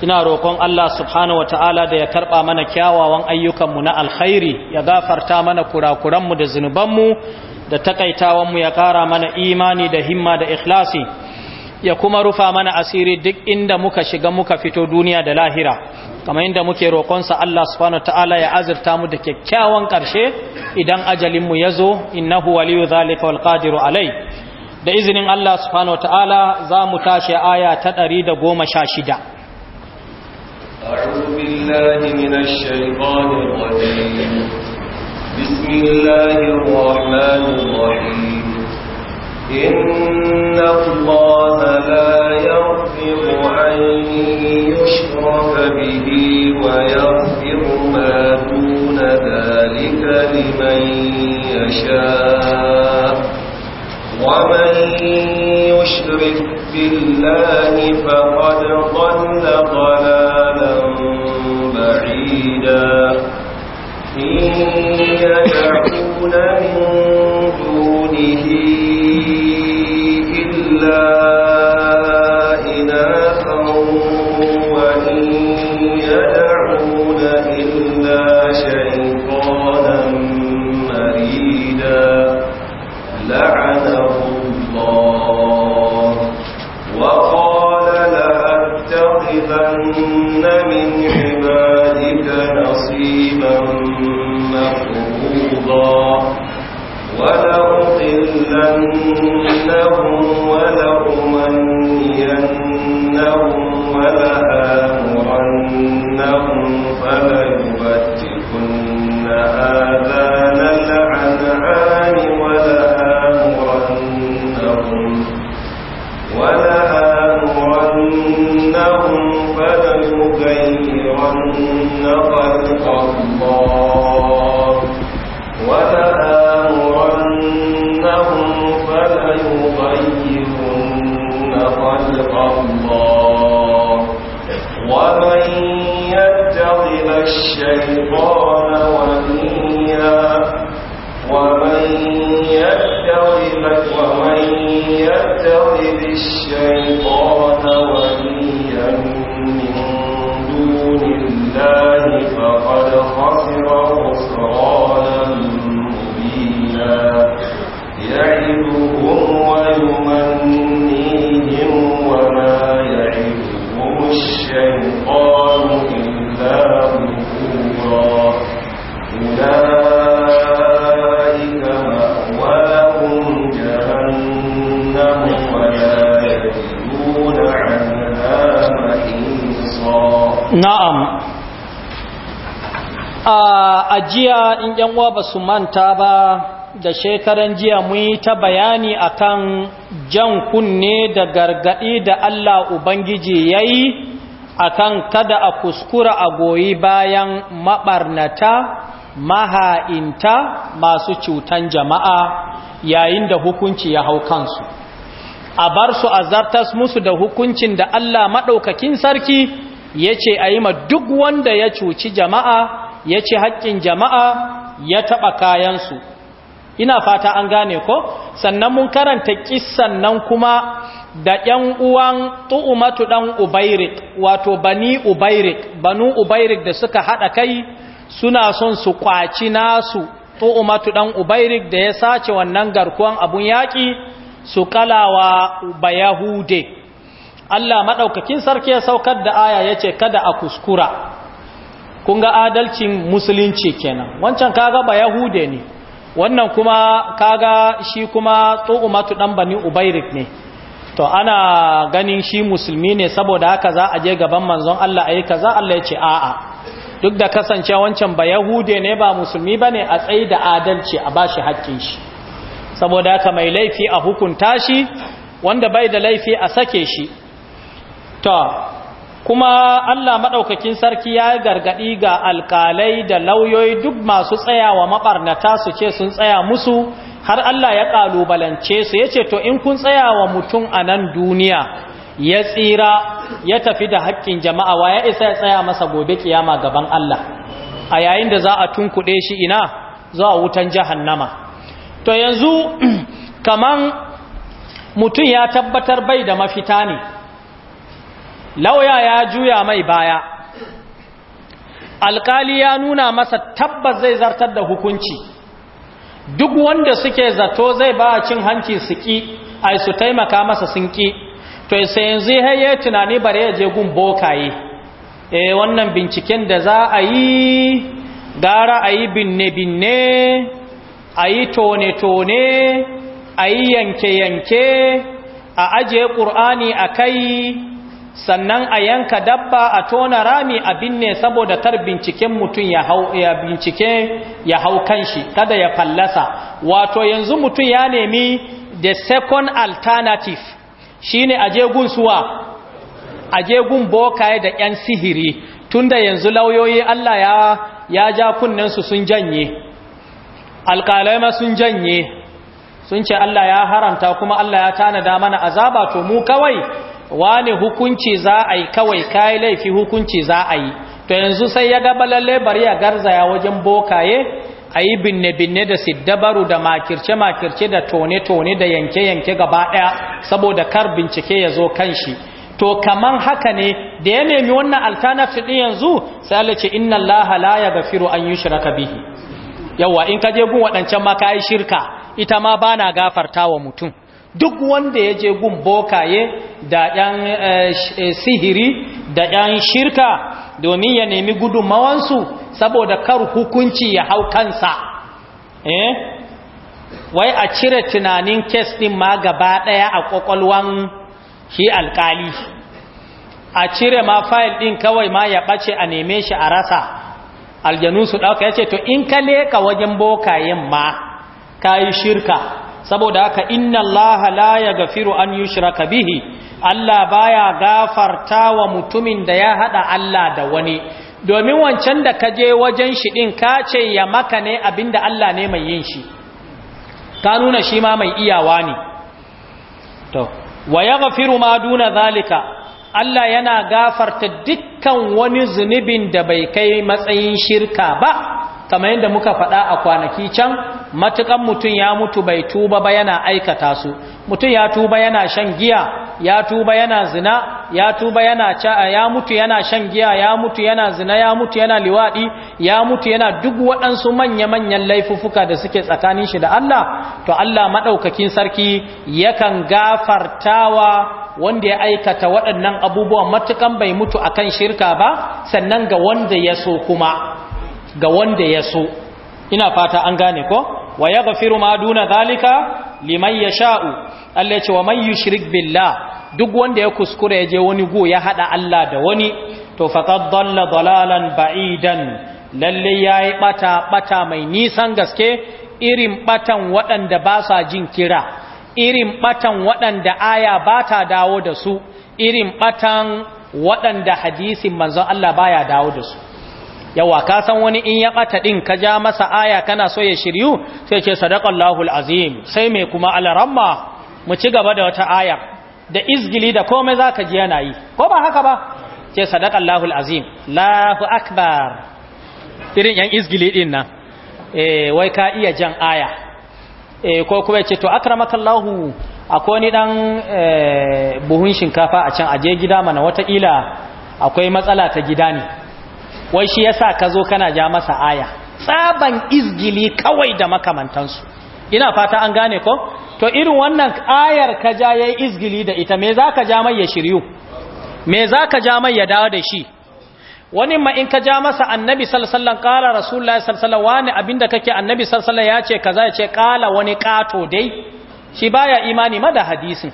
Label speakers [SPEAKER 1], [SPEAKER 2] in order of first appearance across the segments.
[SPEAKER 1] ina roƙon Allah subhanahu wataala da ya karɓa mana kyawawan ayyukanmu na alkhairi ya gafarta mana kurakuranmu da zunubanmu da takaitawanmu ya ƙara mana imani da himma da ikhlasi ya kuma rufa mana asiri duk inda muka shiga muka fito duniya da lahira kamar inda muke roƙonsa Allah subhanahu wataala ya azurta mu da kyakkyawan ƙarshe idan ajalinmu ya zo innahu waliyu zalika wal qadiru alai da izinin Allah subhanahu wataala za mu tashi aya ta 116
[SPEAKER 2] أعوذ بالله
[SPEAKER 3] من الشيطان الرجيم بسم الله الرحمن الرحيم إن الله لا يغفر أن يشرك به ويغفر ما دون ذلك لمن يشاء ومن يشرك بالله فقد ضل ضلالا هدى إن يدعون من دونه إلا إناثا وإن يدعون إلا شيطانا مريدا لعنه الله وقال لأتخذن من عبادك نصيبا مفروضا ولأضلنهم ولأمنينهم ولآمرنهم فليبتكن الشيطان وليا ومن يتخذ ومن يتخذ الشيطان
[SPEAKER 1] a jiya in yanwa ba su manta ba da shekaran jiya mun yi ta bayani akan jan kunne da gargaɗi da Allah Ubangiji ya yi akan kada a kuskura a goyi bayan maɓarnata maha'inta masu cutan jama'a yayin da hukunci ya hau kansu a bar su a musu da hukuncin da Allah maɗaukakin sarki ya ce a yi ma duk wanda ya cuci jama'a ya ci haƙƙin jama'a ya taɓa kayansu ina fata an gane ko sannan mun karanta kissan nan kuma da ‘yan uwan tu'umatu ɗan ubairik wato bani ubairik banu ubairik da suka haɗa kai suna son su kwaci nasu tu'umatu ɗan ubairik da ya sace wannan garkuwan abun yaƙi su kalawa bayahude Allah maɗaukakin sarki ya saukar da aya ya ce kada a kuskura kun ga adalcin musulunci kenan wancan kaga ba yahude ne wannan kuma kaga shi kuma matu dan bani ubairik ne to ana ganin shi musulmi ne saboda haka za a je gaban manzon Allah ayi kaza Allah ya ce a'a duk da kasance wancan ba yahude ne ba musulmi bane a tsayi da adalci a bashi haƙƙin shi saboda haka mai laifi a hukunta shi wanda bai da laifi a sake shi to kuma Allah maɗaukakin sarki ya gargaɗi ga alƙalai da lauyoyi duk masu tsayawa maɓarnata su ce sun tsaya musu har Allah ya ƙalubalance su ya ce to in kun tsayawa mutum a nan duniya ya tsira ya tafi da haƙƙin jama'a wa ya isa ya tsaya masa gobe kiyama gaban Allah a yayin da za a tunkuɗe shi ina za a wutan jahannama to yanzu kaman mutum ya tabbatar bai da mafita ne lauya ya juya mai baya alkali ya nuna masa tabbas zai zartar da hukunci duk wanda suke zato zai ba a cin hanci su ƙi, a su taimaka masa sun ki to sai yanzu ya tunani bare ya je gun bokaye eh wannan binciken da za a yi gara a yi binne-binne a yi tone-tone a yi yanke-yanke a ajiye ƙur'ani a kai sannan a yanka dabba a tona rami a binne saboda tar binciken mutum ya hau ya bincike ya hau kanshi kada ya fallasa wato yanzu mutum ya nemi the second alternative shine aje gun suwa aje gun bokaye da yan sihiri tunda yanzu lauyoyi Allah ya ya ja kunnen su sun janye alƙalai sun janye sun ce Allah ya haramta kuma Allah ya tanada mana azaba to mu kawai wane hukunci za a yi kawai kayi laifi hukunci za a yi to yanzu sai ya gaba lalle bari ya garzaya wajen bokaye a yi binne-binne da siddabaru da makirce-makirce da tone-tone da yanke-yanke gaba ɗaya saboda kar bincike ya zo kan shi to kaman haka ne da ya nemi wannan alternative ɗin yanzu sai Allah ce inna Allah la yaghfiru an yushraka bihi yawa in ka je gun waɗancan ma ka yi shirka ita ma bana gafarta wa mutum duk wanda ya je gun bokaye da ɗan eh, eh, sihiri da ɗan shirka domin ya nemi gudunmawansu saboda kar hukunci ya hau kansa eh wai a cire tunanin kes ɗin ma gaba ɗaya a ƙwaƙwalwan shi alƙali a cire ma fayil ɗin kawai ma ya ɓace a neme shi a rasa aljanu ɗauka ya ce to in ka leƙa wajen bokayen ma ka yi shirka saboda haka inna Allah la yaghfiru an yushraka bihi Allah baya gafarta wa mutumin da ya hada Allah da wani domin wancan da ka je wajen shi din ka ce ya maka ne abinda Allah ne mai yin shi ka nuna shi ma mai iyawa ne to wa yaghfiru ma duna zalika Allah yana gafarta dukkan wani zunubin da bai kai matsayin shirka ba kamar yadda muka faɗa a kwanaki can matukan mutum ya mutu bai tuba ba yana aikata su mutum ya tuba yana shan giya ya tuba yana zina ya tuba yana ca'a ya mutu yana shan giya ya mutu yana zina ya mutu yana liwaɗi ya mutu yana duk waɗansu manya-manyan laifuffuka da suke tsakanin shi da Allah to Allah maɗaukakin sarki yakan gafartawa wanda ya aikata waɗannan abubuwan matukan bai mutu akan shirka ba sannan ga wanda ya so kuma ga wanda ya so ina fata an gane ko wa ya gafiru ma duna zalika liman yasha'u Allah ya ce wa man yushrik billah duk wanda ya kuskura ya je wani go ya hada Allah da wani to faqad dalla dalalan ba'idan lalle yayi bata bata mai nisan gaske irin batan waɗanda ba sa jin kira irin batan waɗanda aya ba ta dawo da su irin batan waɗanda hadisin manzon Allah baya dawo da su yawa ka san wani in ya ɓata ɗin ka ja masa aya kana so ya shiryu sai ce sadaqallahu alazim sai mai kuma alaramma mu ci gaba da wata aya da izgili da komai zaka ji yana yi ko ba haka ba ce sadaqallahu alazim lahu akbar irin yan izgili din nan eh, wai ka iya jan aya eh ko kuma ce to akramakallahu akwai wani dan eh, buhun shinkafa a can aje gida mana watakila akwai matsala ta gida ne wai shi yasa ka zo kana ja masa aya tsaban izgili kawai da makamantansu ina fata an gane ko to irin wannan ayar ka ja yayi izgili da ita me zaka ja mai ya shiryu me zaka ja mai ya dawo da shi wani ma in ka ja masa annabi sallallahu alaihi wasallam qala rasulullahi sallallahu alaihi wasallam wani abinda kake annabi sallallahu alaihi wasallam ya ce kaza ya ce qala wani kato dai shi baya imani ma da hadisin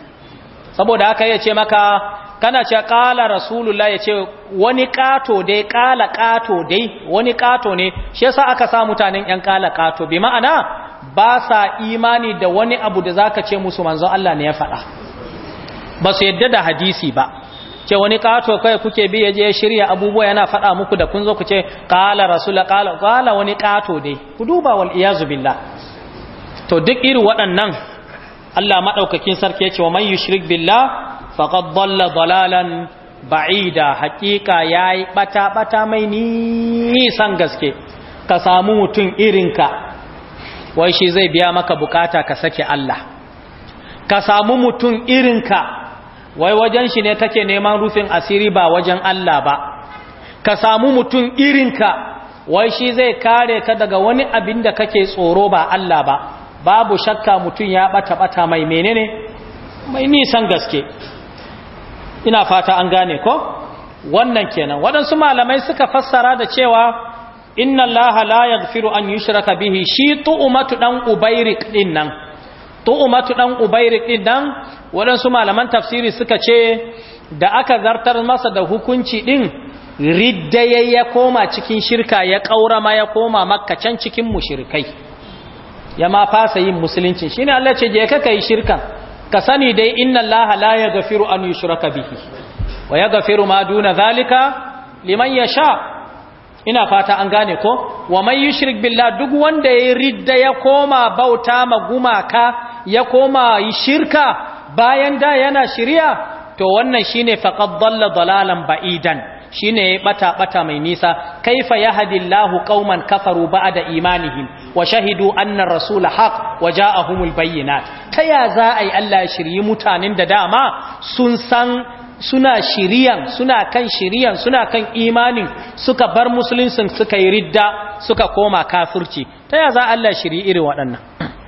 [SPEAKER 1] saboda haka ya ce maka kana ce ƙala rasulullah ya ce wani ƙato dai ƙala ƙato dai wani ƙato ne shi yasa aka sa mutanen ‘yan ƙala ƙato bi ma'ana ba sa imani da wani abu da zaka ce musu manzon Allah ne ya faɗa ba su yadda da hadisi ba ce wani ƙato kai kuke bi ya je shirya abubuwa yana faɗa muku da kun zo ku ce ƙala rasulullah ƙala ƙala wani ƙato dai ku duba wal iyazu billah to duk irin waɗannan Allah maɗaukakin sarki ya ce wa man yushrik billah faqad dalla dalalan ba'ida haqiqa yayi bata bata mai nisan gaske ka samu mutum irinka wai shi zai biya maka bukata ka sake Allah ka samu mutum irinka wai wajen shi ne take neman rufin asiri ba wajen Allah ba ka samu mutum irinka wai shi zai kare ka daga wani abin da kake tsoro ba Allah ba babu shakka mutum ya bata bata mai menene mai nisan gaske ina fata an gane ko wannan kenan waɗansu malamai suka fassara da cewa inna allaha la yaghfiru an yushraka bihi shi tu'umatu dan ubairik din nan tu'umatu dan ubairik din nan waɗansu malaman tafsiri suka ce da aka zartar masa da hukunci din riddaye ya koma cikin shirka ya kaurama ya koma makka can cikin mushrikai ya ma fasa yin musulunci shine Allah ce je ka kai shirkan ka sani dai inna Allah la gafiru an yushraka bihi wa yaghfiru ma duna zalika liman sha. ina fata an gane ko wa man yushrik billah duk wanda yi ridda ya koma bauta ma gumaka ya koma shirka bayan da yana shiriya to wannan shine faqad dalla dalalan ba'idan shine bata bata mai nisa kaifa yahdillahu qauman kafaru ba'da imanihim wa shahidu anna rasula haq wa ja'ahumul bayyinat taya za ai Allah ya shiryi mutanen da dama sun san suna shiriyan suna kan shiriyan suna kan imanin suka bar musulunci suka yi ridda suka koma kafirci taya za Allah shiryi irin waɗannan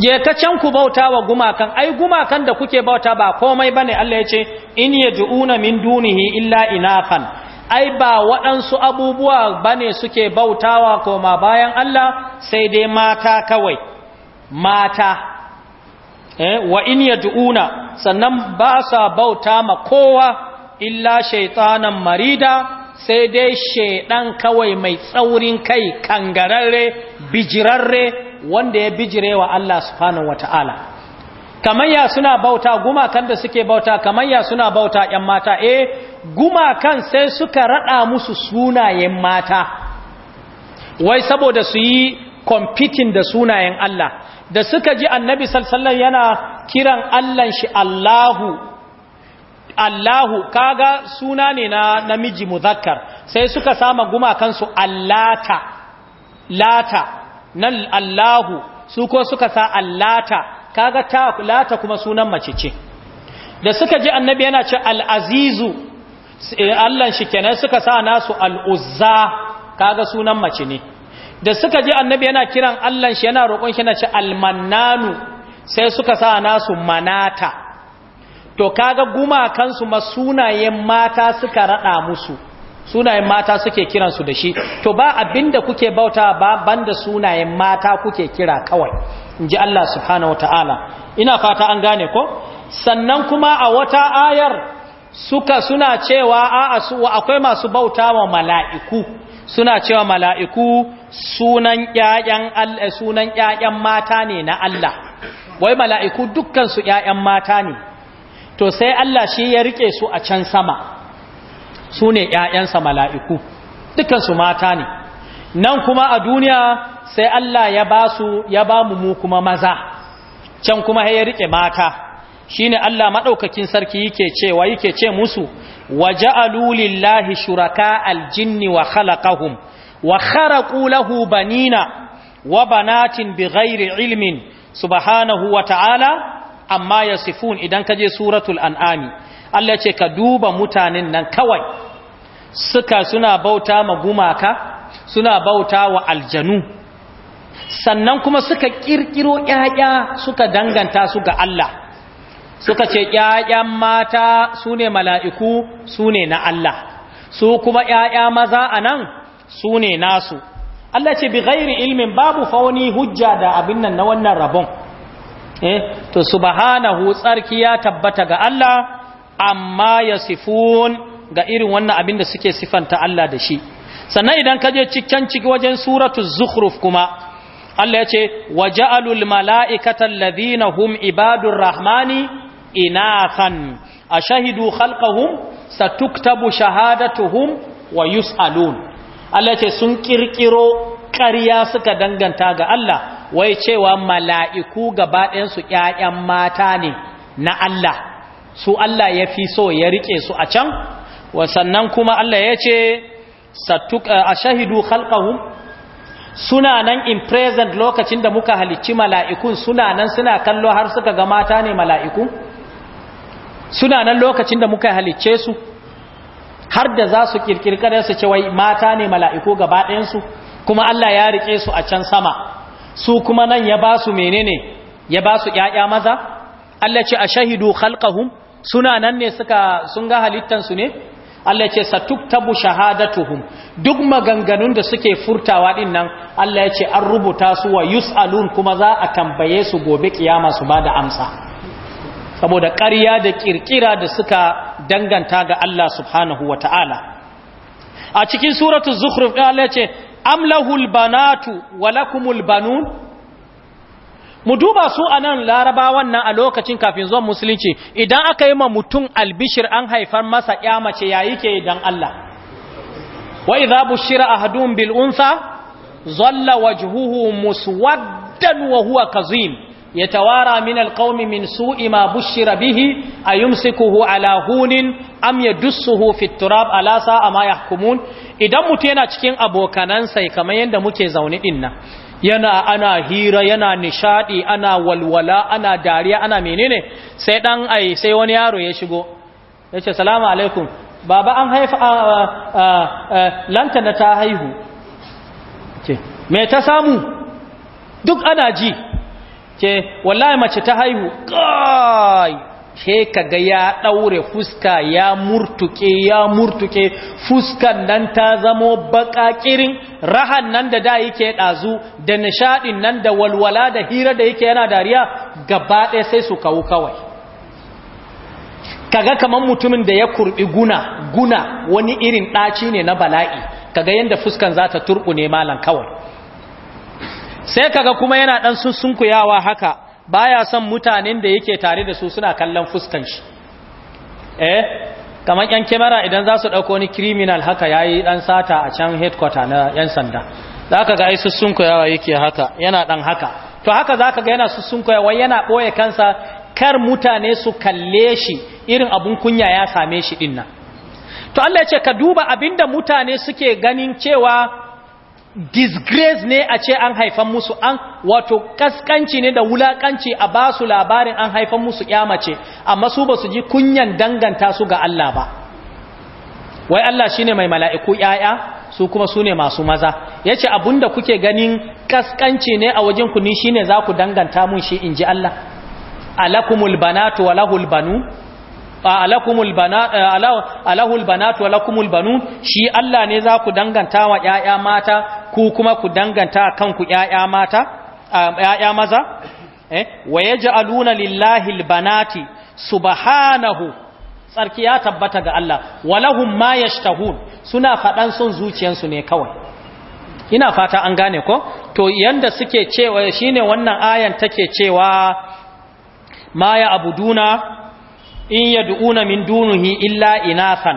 [SPEAKER 1] je ka can ku bauta wa gumakan ai gumakan da kuke bauta ba komai bane Allah ya ce in yad'una min dunihi illa inafan ai ba waɗansu abubuwa bane suke bautawa koma bayan Allah sai dai mata kawai mata eh wa in yad'una sannan ba sa bauta ma kowa illa shaytanan marida sai dai shedan kawai mai tsaurin kai kangararre bijirarre wanda ya bijirewa Allah subhanahu wata'ala kamanya suna bauta gumakan da suke bauta kamanya suna bauta yan mata eh gumakan sai suka rada musu sunayen mata wai saboda su yi competing da sunayen Allah da suka ji annabi sallallahu yana kiran Allah shi Allahu Allahu kaga suna ne na namiji muzakkar sai suka sama gumakansu Allata lata nan Allahu su ko suka sa Allata kaga ta lata kuma sunan mace ce da suka ji annabi yana ce al-azizu eh, Allah shi kenan suka sa nasu al-uzza kaga sunan mace ne da suka ji annabi yana kiran Allah shi yana roƙon shi na ce al-mannanu sai suka sa nasu manata to kaga gumakansu ma sunayen mata suka rada musu sunayen mata suke kiransu da shi to ba abinda kuke bauta ba banda sunayen mata kuke kira kawai in ji Allah subhanahu wa ta'ala ina fata an gane ko sannan kuma a wata ayar suka suna cewa a'a su akwai masu bauta wa mala'iku suna cewa mala'iku sunan ƴaƴan Allah eh, sunan ƴaƴan mata ne na Allah wai mala'iku dukkan su ƴaƴan mata ne to sai Allah shi ya rike su a can sama su ne ‘ya'yansa mala'iku dukansu mata ne nan kuma a duniya sai Allah ya ba su ya ba mu mu kuma maza can kuma ya riƙe mata shi ne Allah maɗaukakin sarki yake cewa yake ce musu waje ja'alu lillahi shuraka aljinni wa khalaqahum wa kharaqu lahu banina wa banatin bi ghairi ilmin subhanahu wa ta'ala amma yasifun idan kaje suratul an'ami Allah ce ka duba mutanen nan kawai suka suna bauta ma gumaka suna bauta wa aljanu sannan kuma suka kirkiro 'ya'ya suka danganta su ga Allah suka ce ƴaƴan mata sune mala'iku sune na Allah su kuma ƴaƴa maza anan sune nasu Allah ce bi ghairi ilmin babu fauni hujja da abin nan na wannan rabon eh to subhanahu tsarki ya tabbata ga Allah amma ya sifun ga irin wannan abin da suke sifanta Allah da shi sannan idan ka je cikin ciki wajen suratul zukhruf kuma Allah ya ce waja'alul mala'ikata alladhina hum ibadur rahmani inathan ashahidu khalqahum satuktabu shahadatuhum wa yus'alun Allah ce sun kirkiro ƙarya suka danganta ga Allah wai cewa mala'iku gaba ɗayansu ‘ya'yan mata ne na Allah’ su Allah ya fi so ya rike su a can sannan kuma Allah ya ce a shahidu khalqahum suna nan in present lokacin da muka halicci mala'ikun suna nan suna kallo har suka ga mata ne mala'ikun? suna nan lokacin da muka halicce su har da za su kirkirkar su ce wai mata ne mala'iku gaba ɗayansu kuma Allah ya rike su a can sama su kuma nan ya ba su menene ya ba su ‘ya'ya maza Allah ce a shahidu khalqahum suna nan ne suka sun ga halittansu ne Allah ya ce satuktabu shahadatuhum duk maganganun da suke furtawa din nan Allah ya ce an rubuta su wa yusalun kuma za a tambaye su gobe kiyama su bada amsa saboda ƙarya da kirkira da suka danganta ga Allah subhanahu wataala a cikin suratul zukhruf Allah ya ce amlahul banatu walakumul lakumul banun mu duba su a nan larabawan nan a lokacin kafin zuwan musulunci idan aka yi ma mutum albishir an haifar masa ƙyamace ya yi ke dan Allah wa idha bushira ahadun bil unsa zalla wajhuhu muswaddan wa huwa kazim yatawara min al qaumi min su'i ma bushira bihi ayumsikuhu ala hunin am yadussuhu fit turab ala sa'a ma yahkumun idan mutum yana cikin abokanansa kamar yanda muke zaune din nan yana ana hira yana nishadi ana walwala ana dariya ana menene sai dan ai sai wani yaro ya shigo yace salamu alaikum baba an haifa lantana ta haihu ce me ta samu duk ana ji ce wallahi mace ta haihu
[SPEAKER 2] kai
[SPEAKER 1] she kaga ya daure fuska ya murtuke ya murtuke fuskan nan ta zamo bakakirin rahan nan da da yake dazu da nishadin nan da walwala da hira da yake yana dariya gaba ɗaya sai su kawo kawai kaga kaman mutumin da ya kurbi guna guna wani irin ɗaci ne na bala'i kaga yanda fuskan za ta ne malan kawai sai kaga kuma yana ɗan sunkuyawa haka baya son mutanen da yake tare da su suna kallon fuskan shi eh kamar yan kyamara idan za su ɗauko ni criminal haka yayi yi sata a can headquarter na yan sanda za ka ga aisu sun koyawa yake haka yana dan haka to haka za ga yana sun wai yana boye kansa kar mutane su kalle shi irin abun kunya ya same shi dinnan. to Allah ya ce ka duba abinda mutane suke ganin cewa disgrace ne a ce an haifan musu an wato kaskanci ne da wulakanci a ba su labarin an haifan musu kyamace amma su ba su ji kunyan danganta su ga Allah ba wai Allah shine mai mala'iku yaya su kuma su ne masu maza Ya yace abunda kuke ganin kaskanci ne a wajen ku ni shine za ku danganta mun shi in ji Allah alakumul banatu walahul banu alakumul bana alahul banatu walakumul banu shi Allah ne za ku danganta wa ƴaƴa mata ku kuma ku danganta kanku ƴaƴa mata ƴaƴa maza eh aluna lillahi banati subhanahu tsarki ya tabbata ga Allah walahun ma yashtahun suna fadan sun zuciyansu ne kawai ina fata an gane ko to yanda suke cewa shine wannan ayan take cewa ma ya abuduna in yad'una min dunihi illa inasan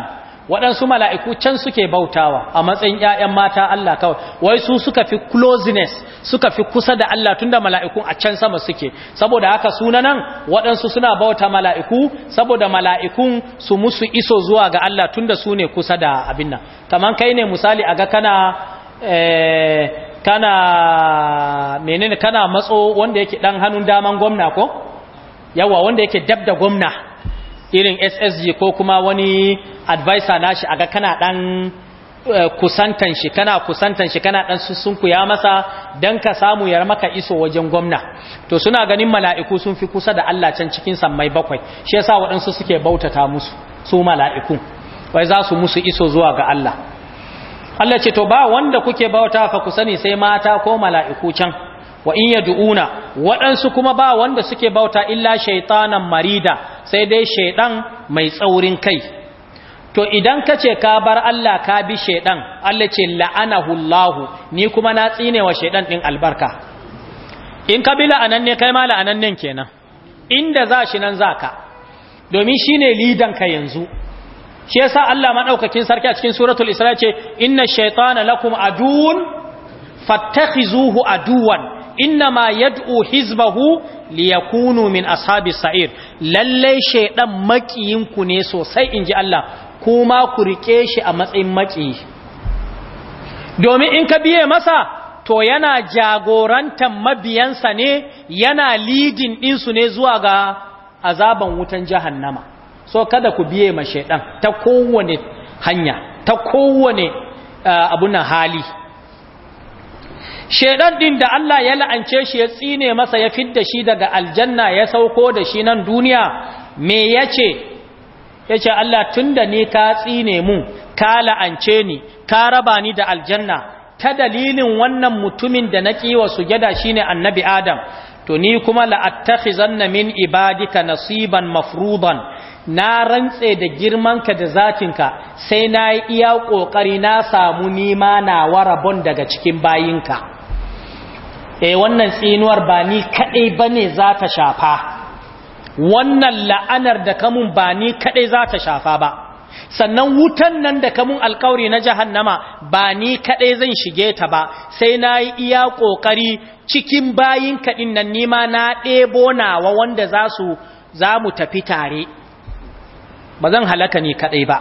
[SPEAKER 1] waɗansu mala'iku can suke bautawa a matsayin ƴaƴan mata Allah kawai wai su suka fi closeness suka fi kusa da Allah tunda mala'iku a can sama suke saboda haka sunanan waɗansu suna bauta mala'iku saboda mala'ikun su musu iso zuwa ga Allah tunda su ne kusa da abin nan kamar kai ne misali a ga kana eh, kana menene kana matso wanda yake ɗan hannun daman gwamna ko yawa wanda yake dab da gwamna irin ssg ko kuma wani advisor nashi aga kana dan eh, kusantan shi kana kusantan shi kana dan ya masa dan ka samu yar maka iso wajen gwamna to suna ganin mala'iku sun fi kusa da Allah can cikin sammai bakwai shi yasa waɗansu suke bautata musu su mala'iku wai za su musu iso zuwa ga Allah Allah ce to ba wanda kuke bauta fa ku sani sai mata ko mala'iku can wa in du'una waɗansu kuma ba wanda suke bauta illa shaytanan marida sai dai shaiɗan mai tsaurin kai to idan kace ka bar Allah ka bi shaiɗan Allah ce la'anahu Allah ni kuma na tsine wa shaydan din albarka in ka bi la'anan ne kai ma la'anan ne kenan inda za shi nan ka domin shine lidan ka yanzu shi yasa Allah maɗaukakin sarki a cikin suratul isra ce inna shaytana lakum aduun fattakhizuhu aduwan innama yad'u hizbahu liyakunu min ashabi sa'ir lalle shedan makiyin ku ne sosai inji Allah kuma ku rike shi a matsayin maki domin in ka biye masa to yana jagorantar mabiyansa ne yana lidin su ne zuwa ga azaban wutan jahannama so kada ku biye ma shaidan ta kowane hanya ta kowane uh, abunan hali shedan din da Allah ya la'ance shi ya tsine masa ya fidda shi daga aljanna ya sauko da shi nan duniya me yace yace Allah tunda ni ka tsine mu ka la'ance ni ka raba ni da aljanna ta dalilin wannan mutumin da na kiwa sujada shine annabi adam to ni kuma la'attakhizanna min ibadika nasiban mafruban na rantse da girmanka da zatinka sai na yi iya ƙoƙari na samu nima na warabon daga cikin bayinka eh wannan tsinuwar ba ni kaɗai ba ne za ta shafa wannan la'anar da kamun ba ni kaɗai za ta shafa ba sannan wutan nan da kamun alkawari na jahannama ba ni kaɗai zan shige ta ba sai na yi iya ƙoƙari cikin bayin kaɗin nan nima na ɗebo nawa wanda za su za mu tafi tare ba zan halaka ni kaɗai ba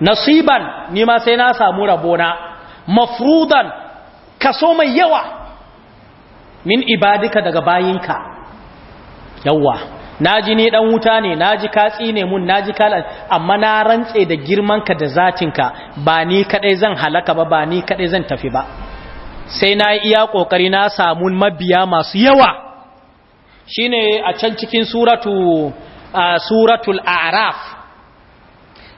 [SPEAKER 1] nasiban nima sai na samu rabona mafrudan kaso mai yawa min ibadika daga bayinka yawwa naji ni dan wuta ne naji ka tsine mun naji ka amma na rantse da girmanka da zatinka ba ni kadai zan halaka ba ba ni kadai zan tafi ba sai na iya kokari na samu mabiya masu yawa shine a can cikin suratu suratul a'raf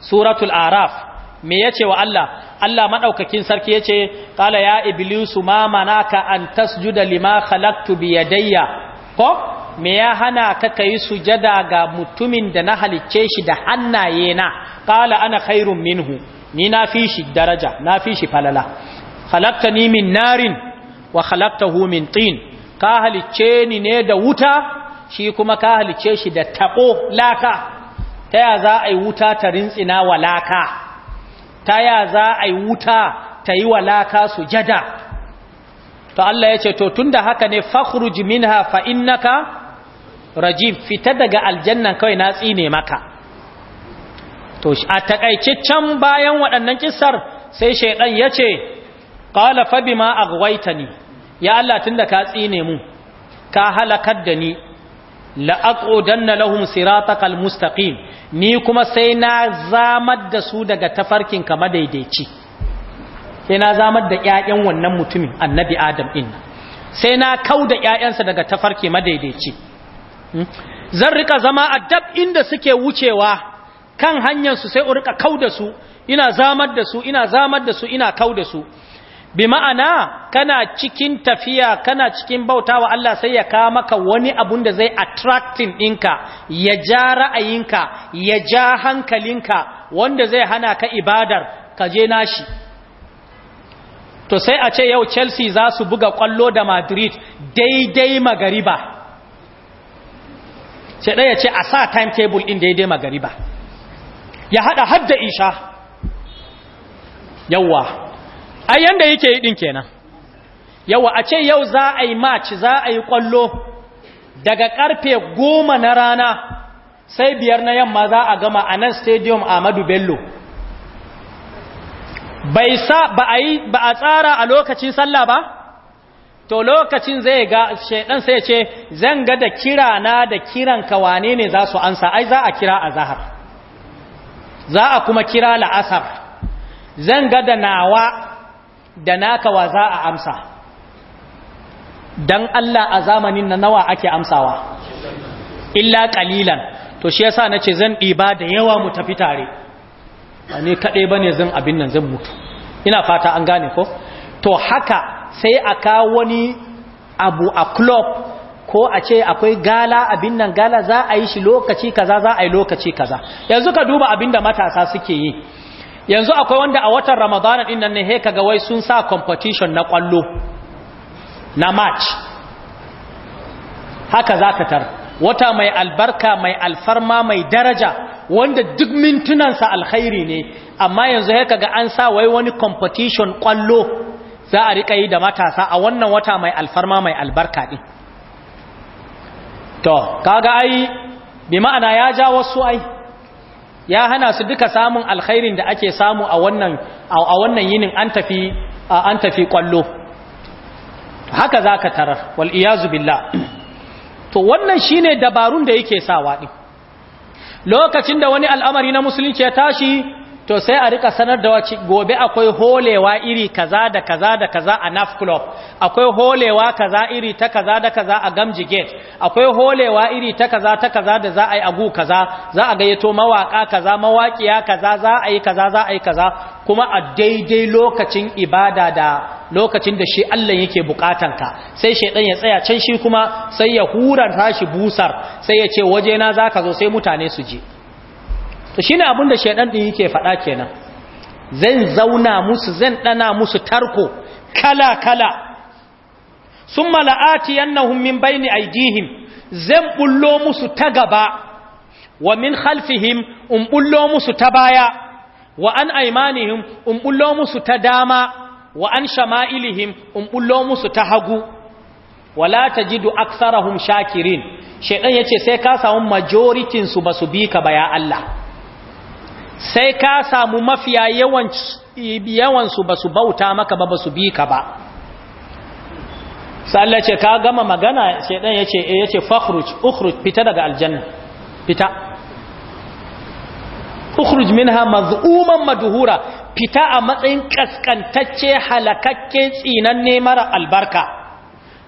[SPEAKER 1] suratul araf me yace wa Allah Allah maɗaukakin sarki yace kala ya iblisu ma manaka an tasjuda lima khalaqtu bi ko me ya hana ka yi sujada ga mutumin da na halicce shi da hannaye na qala ana khairum minhu ni na fi shi daraja na fi shi falala khalaqtani min narin wa hu min tin ka halicce ni ne da wuta shi kuma ka halicce shi da taɓo laka ta ya za a yi wuta ta rintsina wa laka ta ya za a yi wuta ta yi wa laka jada? to Allah ya ce to tun da haka ne jimin hafa fa innaka rajim fita daga aljanna kawai na tsine maka to a takaice can bayan waɗannan kissar sai shaidan ya ce qala fa bima aghwaytani ya Allah tunda ka tsine mu ka halakar da ni la'aqudanna lahum siratakal mustaqim ni kuma sai na zamar da su daga tafarkin ka madaidaici sai na zamar da ƴaƴan wannan mutumin annabi adam din sai na da ƴaƴansa daga tafarki madaidaici hmm? zan rika zama a dab inda suke wucewa kan hanyar su sai urika kau kauda su ina zamar da su ina zamar da su ina kauda su bi ma'ana kana cikin tafiya kana cikin bauta wa Allah sai ya kawo maka wani abun da zai attracting ɗinka ya ja ra'ayinka ya ja hankalinka wanda zai hana ka ibadar ka je nashi to sai a ce yau Chelsea za su buga kwallo da Madrid daidai magariba sai ɗaya ce a sa time timetable ɗin daidai magariba ya hada hadda isha yawwa ai yanda yake yi din kenan yawa a ce yau za a yi match za a yi kwallo daga karfe goma na rana sai biyar na yamma za a gama a nan stadium Ahmadu Bello bai sa ba a yi ba a tsara a lokacin sallah ba to lokacin zai ga shedan sai ce zan ga da kira na da kiran ka wane ne za su ansa ai za a kira azhar za a kuma kira la'asar zan ga da nawa da naka wa za a amsa dan Allah a zamanin na nawa ake amsawa illa qalilan to shi yasa nace zan diba da yawa mu tafi tare ba ne kade bane zan abin nan zan mutu ina fata an gane ko to haka sai aka wani abu a club ko a ce akwai gala abin nan gala za a yi shi lokaci kaza za a yi lokaci kaza yanzu ka duba abin da matasa suke yi yanzu akwai wanda a watan ramadana din nan ne he kaga wai sun sa competition na kwallo na match haka zaka tar wata mai albarka mai alfarma mai daraja wanda duk mintunansa alkhairi ne amma yanzu he kaga an sa wai wani competition kwallo za a rika yi da matasa a wannan wata mai alfarma mai albarka din to kaga ai bi ma'ana ya ja wasu ai ya hana su duka samun alkhairin da ake samu a wannan a wannan yinin an tafi an tafi kwallo haka zaka tarar wal iyazu billah to wannan shine dabarun da yake sawa din lokacin da wani al'amari na musulunci ya tashi to sai a rika sanar da wace gobe akwai holewa iri kaza da kaza da kaza a naf club akwai holewa kaza iri ta kaza da kaza a gamji gate akwai holewa iri ta kaza ta kaza da za a yi agu kaza za a gayyato mawaka kaza mawakiya kaza za a yi kaza za a yi kaza kuma a daidai lokacin ibada da lokacin da shi Allah yake ka sai shedan ya tsaya can shi kuma sai ya huranta shi busar sai ya ce waje na zaka zo sai mutane su je to shine abin da shaidan din yake faɗa kenan zan zauna musu zan dana musu tarko kala kala summa la'ati annahum min baini aydihim zan bullo musu ta gaba wa min khalfihim um bullo musu ta baya wa an aymanihim um bullo musu ta dama wa an shama'ilihim um bullo musu ta hagu wala tajidu aktharahum shakirin shaidan yace sai ka samu majoritin su basu bi ka ya Allah sai ka samu mafiya yawansu ba su bauta maka ba ba su bi ka ba sa'alla ce ka gama magana shaidan ya ce eh, ya ce fakhruj ukhruj fita daga aljanna fita ukhruj minha maz'uman madhura fita a matsayin kaskantacce halakakke tsinanne mara albarka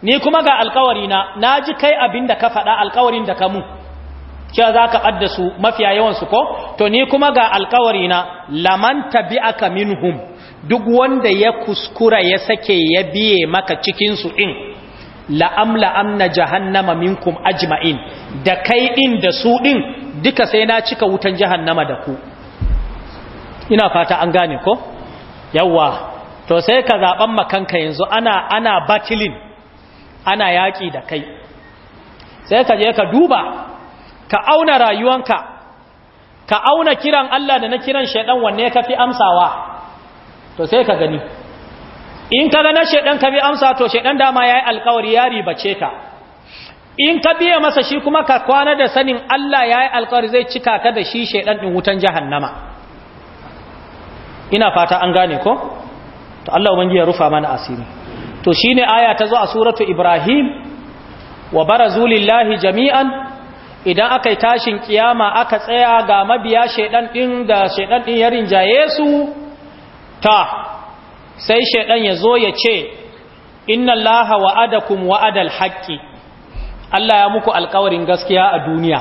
[SPEAKER 1] ni kuma ga alkawari na naji kai abinda ka faɗa alkawarin da ka mu ke za ka ɓadda su mafiya yawansu ko to ni kuma ga alkawari na laman tabi'aka aka minhum duk wanda ya kuskura ya sake ya biye maka cikinsu in la'amla amna jahannama minkum ajma'in da kai in da su din duka sai na cika wutan jahannama da ku ina fata an gane ko yawwa to sai ka zaɓan makanka yanzu ana ana batilin ana yaƙi da kai sai ka je ka duba ka auna rayuwanka ka auna kiran Allah da na kiran shaidan wanne ka fi amsawa to sai ka gani in ka ga na shaidan ka bi amsa to shaidan dama ya yi alƙawari ya ribace ka in ka biya masa shi kuma ka kwana da sanin Allah yayi alƙawari zai cika ka da shi shaidan din wutan jahannama ina fata an gane ko to Allah ubangiji ya rufa mana asiri to shine aya ta zo a suratu ibrahim wa barazulillahi jami'an idan aka yi tashin kiyama aka tsaya ga mabiya shaidan ɗin da shaidan ɗin ya rinjaye su ta sai shaidan ya zo ya ce inna allaha wa'adakum wa'adal haqqi Allah ya muku alƙawarin gaskiya a duniya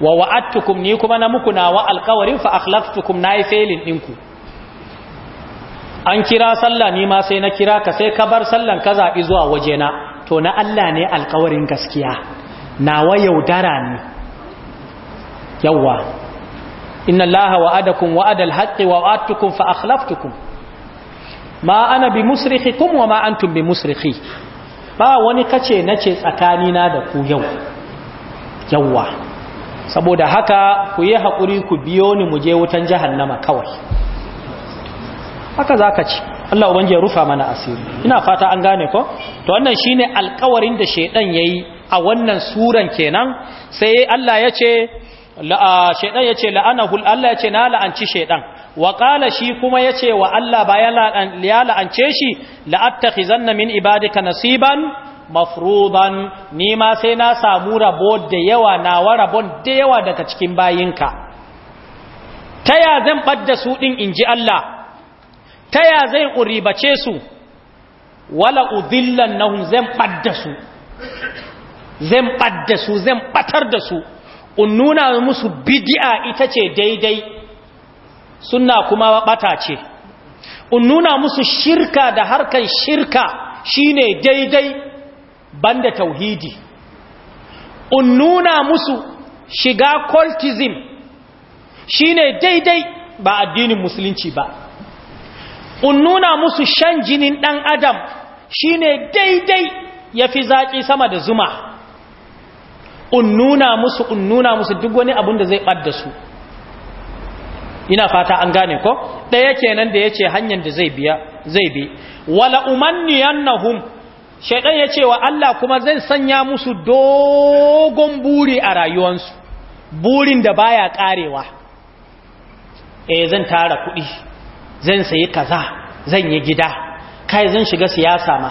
[SPEAKER 1] wa wa'adtukum ni kuma na muku nawa alƙawarin fa akhlaftukum nayi failin dinku an kira sallah ni ma sai na kira ka sai ka bar sallan ka zabi zuwa wajena to na Allah ne alƙawarin gaskiya nawa yaudara ne yawa inna allaha wa'adakum wa'adal haqqi wa fa akhlaftukum ma ana bi musrikhikum wa ma antum bi musrikhi ba wani kace nace tsakanina da ku yau yawa saboda haka ku yi hakuri ku biyo ni mu je wutan jahannama kawai haka zaka ci Allah ubangi ya rufa mana asiri ina fata an gane ko to wannan shine alƙawarin da shedan yayi a wannan suran kenan sai Allah ya ce shaidan ya ce Allah ya ce na la'anci shaidan wa shi kuma ya ce wa Allah bayan ya la'ance shi la'attakhizanna min ibadika nasiban mafruḍan ni ma sai na samu rabo da yawa na rabon da yawa daga cikin bayinka ya zan badda su in ji Allah taya zan uribace su wala udhillannahum zan badda su zan ɓadda su zan ɓatar da su in nuna musu bidi'a ita ce daidai suna kuma ɓata ce in nuna musu shirka da harkar shirka shine daidai banda tauhidi in nuna musu shiga cultism shine daidai ba addinin musulunci ba in nuna musu shan jinin ɗan adam shine daidai yafi fi zaƙi sama da zuma unnuna musu unnuna musu duk wani abun da zai ɓadda su ina fata an gane ko ɗaya kenan da yace hanyar da zai biya zai bi wala umanniyannahum shaidan ya wa Allah kuma zai sanya musu dogon buri a rayuwansu burin da baya karewa eh zan tara kudi zan sayi kaza zan yi gida kai zan shiga siyasa ma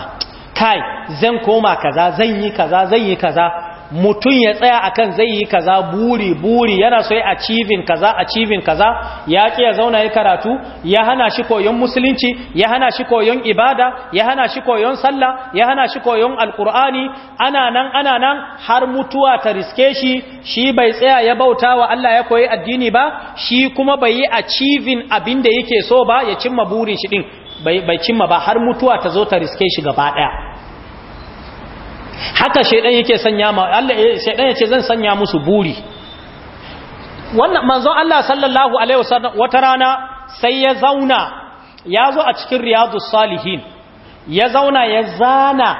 [SPEAKER 1] kai zan koma kaza zan yi kaza zan yi kaza mutum ya tsaya a kan zai yi kaza buri buri yana so ya achieving kaza achieving kaza ya ke ya zauna ya karatu ya hana shi koyon musulunci ya hana shi koyon ibada ya hana shi koyon sallah ya hana shi koyon alkur'ani ana nan ana nan har mutuwa ta riske shi shi bai tsaya ya bauta wa Allah ya koyi addini ba shi kuma bai yi achieving abin da yake so ba ya cimma burin shi din bai cimma ba har mutuwa ta zo ta riske shi gaba daya haka shaidan yake sanya ma Allah eh, shaidan yace zan sanya musu buri wannan manzon Allah sallallahu alaihi wasallam wata rana sai ya zauna ya zo a cikin riyadus salihin ya zauna ya zana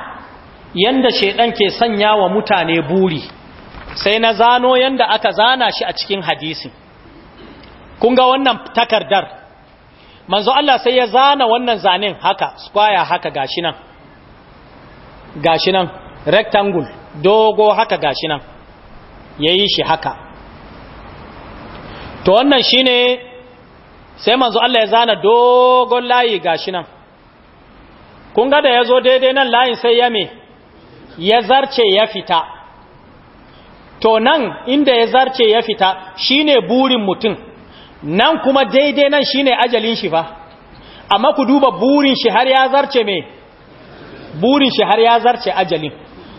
[SPEAKER 1] yanda shaidan ke sanya wa mutane buri sai na zano yanda aka zana shi a cikin hadisi kun ga wannan takardar manzon Allah sai ya zana wannan zanen haka square haka gashi nan gashi nan rectangle dogo haka gashi nan ya yi shi haka to wannan shi ne sai manzo Allah ya zana dogon layi gashi nan kun ga da ya zo daidai nan layin sai ya me ya zarce ya fita to nan inda ya zarce ya fita shine burin mutum nan kuma daidai nan shine ajalin shi fa amma ku duba burin shi har ya zarce me burin shi har ya zarce ajalin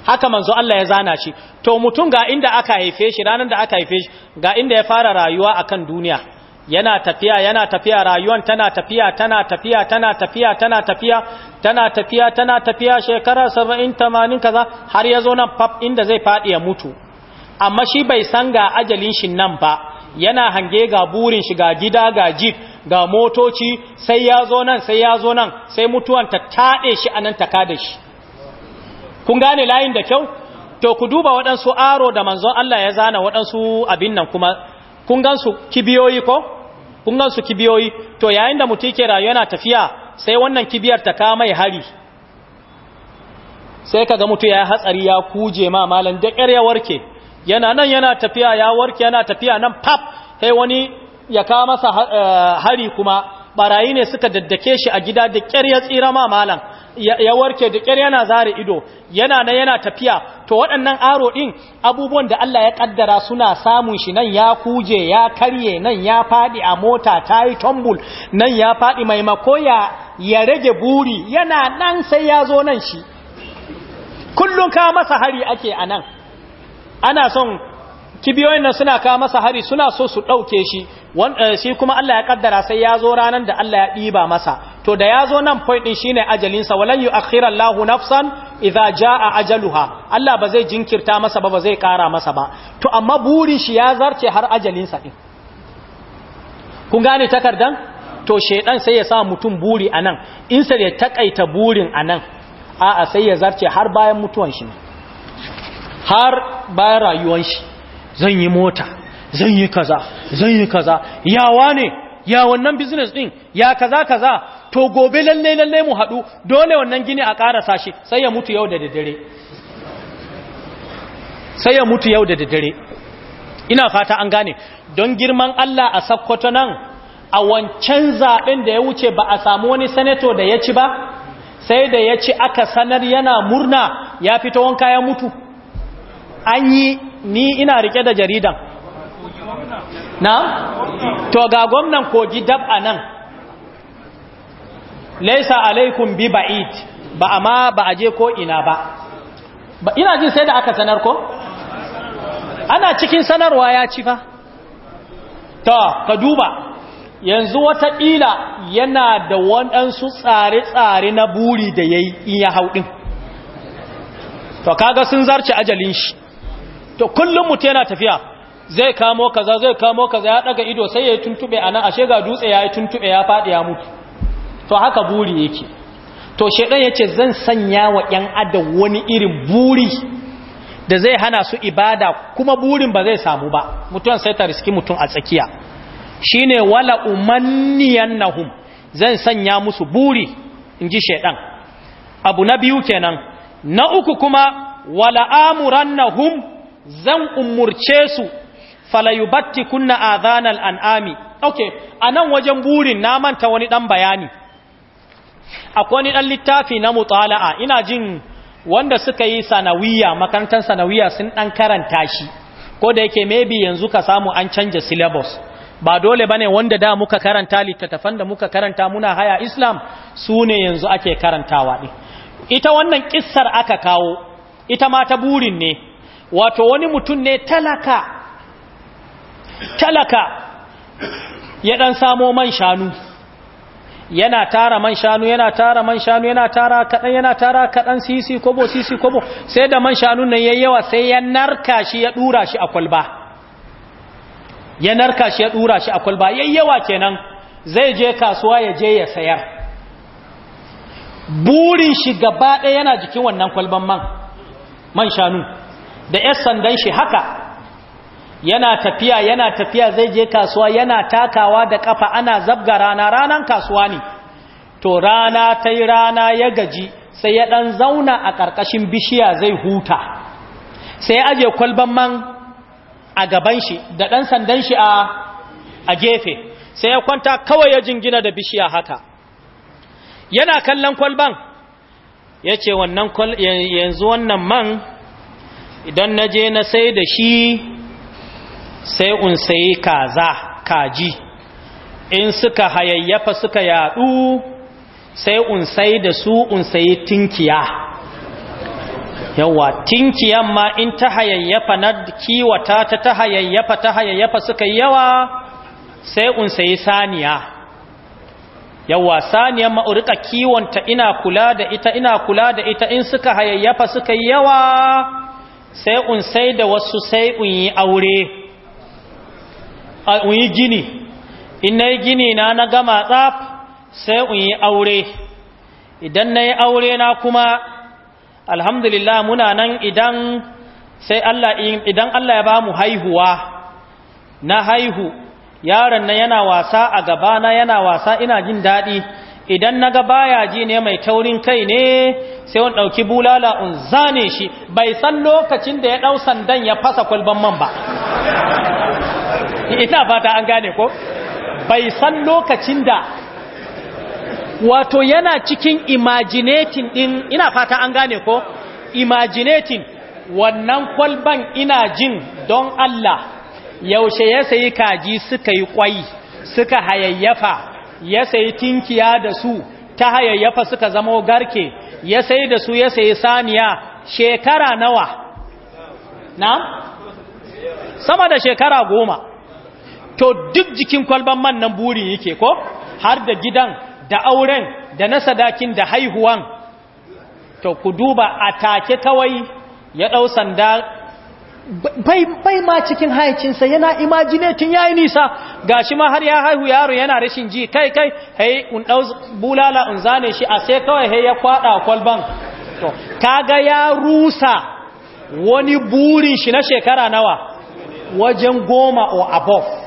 [SPEAKER 1] haka manzo Allah ya zana shi to mutum ga inda aka haife shi ranar da aka haife shi ga inda ya fara rayuwa akan duniya yana tafiya yana tafiya rayuwan tana tafiya tana tafiya tana tafiya tana tafiya tana tafiya tana tafiya shekara 70 80 kaza har ya zo nan pap inda zai fadi ya mutu amma shi bai san ga ajalin shi nan ba yana hange ga burin shi ga gida ga jeep ga motoci sai ya zo nan sai ya zo nan sai mutuwan ta tade shi anan ta kada shi kun gane layin da kyau to ku duba waɗansu aro da manzon Allah ya zana waɗansu abin nan kuma kun gansu kibiyoyi ko kun gansu kibiyoyi to yayin da mutum ke rayuwa yana tafiya sai wannan kibiyar ta kama ya hari sai kaga mutum ya hatsari ya kuje ma malam da ƙyar ya warke yana nan yana tafiya ya warke yana tafiya nan pap sai wani ya kama masa eh, hari kuma barayi ne suka daddake shi a gida da ƙyar ya tsira ma malam ya warke da kyar yana zare ido yana nan yana tafiya to waɗannan aro ɗin abubuwan da Allah ya ƙaddara suna samun shi nan ya kuje ya karye nan ya faɗi a mota ta yi nan ya faɗi maimako ya ya rage buri yana nan sai ya zo nan shi kullum ka masa hari ake a nan ana son kibiyoyin nan suna ka masa hari suna so su ɗauke shi eh, shi kuma Allah ya ƙaddara sai ya zo ranar da Allah ya ɗiba masa to da ya zo nan point din shine ajalinsa walan yu'akhiru Allahu nafsan idza jaa ajaluha Allah ba zai jinkirta masa ba ba zai kara masa ba to amma burin shi ya zarce har ajalinsa din kun gane takardan to shedan sai ya sa mutum buri anan in sai ya takaita burin anan a'a sai ya zarce har bayan mutuwan shi har bayan rayuwan shi zan yi mota zan yi kaza zan yi kaza yawa ne ya wannan business din ya kaza kaza to gobe lalle lalle mu haɗu dole wannan gini a ƙara shi sai ya mutu yau da daddare sai ya mutu yau da daddare ina fata an gane don girman Allah a sakkwato nan a wancan zaɓen da ya wuce ba a samu wani senator da ya ci ba sai da ya ci aka sanar yana murna ya fito wanka ya mutu an yi ni ina rike da jaridan na to ga gwamnan kogi dab a nan laisa alaikum bi ba'id ba amma ba a je ko ina ba ina jin sai da aka sanar ko ana cikin sanarwa ya ci fa to ka duba yanzu wata wataƙila yana da waɗansu tsare-tsare na buri da ya yi iya hauɗin to kaga sun zarce ajalin shi to kullum mutu yana tafiya zai kamo kaza zai kamo kaza ya ɗaga ido sai ya yi tuntuɓe a nan ashe ga dutse ya yi tuntuɓe ya faɗi ya mutu to haka buri yake to shedan yace zan sanya wa yan adam wani irin buri da zai hana su ibada kuma burin ba zai samu ba mutum sai ta riski mutum a tsakiya shine wala umanniyannahum zan sanya musu buri inji shedan abu na biyu kenan na uku kuma wala amurannahum zan umurce su falayubattikunna kunna adhanal an'ami okay anan wajen burin na manta wani dan bayani akwai wani ɗan littafi na mutala'a ina jin wanda suka yi sanawiya makarantar sanawiya sun ɗan karanta shi ko da yake maybe yanzu ka samu an canja syllabus ba dole bane wanda da muka karanta littattafan da muka karanta muna haya islam su ne yanzu ake karantawa ɗin ita wannan kissar aka kawo ita ma ta burin ne wato wani mutum ne talaka talaka ya ɗan samo man shanu yana tara man shanu yana tara man shanu yana tara kaɗan yana tara kaɗan sisi kobo sisi kobo sai da man shanun nan yayyawa sai ya narka shi ya ɗura shi a kwalba ya narka shi ya ɗura shi a kwalba yayyawa kenan zai je kasuwa ya je ya sayar burin shi gaba ɗaya yana jikin wannan kwalban man man shanu da 'yan sandan shi haka yana tafiya yana tafiya zai je kasuwa yana takawa da kafa ana zabga rana ranan kasuwa ne to rana ta yi rana ya gaji sai ya ɗan zauna a ƙarƙashin bishiya zai huta sai aje kwalban man a gaban shi da ɗan sandan shi a gefe sai ya kwanta kawai ya jingina da bishiya haka yana kallon kwalban Yace ce yanzu wannan man idan na je na sai da shi sai un sayi kaza kaji in suka hayayyafa suka yadu sai un da su un tinkiya yawa tinkiyan ma in ta hayayyafa na kiwata ta ta hayayyafa ta hayayyafa suka yawa sai unsayi saniya yawa saniyan ma urika kiwonta ina kula da ita ina kula da ita in suka hayayyafa suka yawa sai un da wasu sai un yi aure unyi gini in na yi gini na na gama tsaf sai unyi aure idan na yi aure na kuma alhamdulillah muna nan idan sai Allah idan Allah ya ba mu haihuwa na haihu yaron na yana wasa a gaba na yana wasa ina jin daɗi idan na ga baya ji ne mai taurin kai ne sai wani ɗauki bulala in zane shi bai san lokacin da ya ɗau sandan ya fasa kwalban man ba ina fata an gane ko bai san lokacin da wato yana cikin imaginating din ina fata an gane ko imaginating wannan kwalban ina jin don Allah yaushe ya sayi kaji suka yi kwai suka hayayyafa ya sayi tinkiya da su ta hayayyafa suka zama garke ya sayi da su ya sayi saniya shekara nawa na sama da shekara goma to duk jikin kwalban man nan buri yake ko har da gidan da auren da na sadakin da haihuwan to ku duba a take kawai ya ɗau sanda bai ma cikin haicinsa yana imaginatin ya yi nisa ga shi ma har ya haihu yaro yana rashin ji kai kai hai un bulala un zane shi a sai kawai hai ya kwaɗa kwalban to kaga ya rusa wani burin shi na shekara nawa wajen goma or above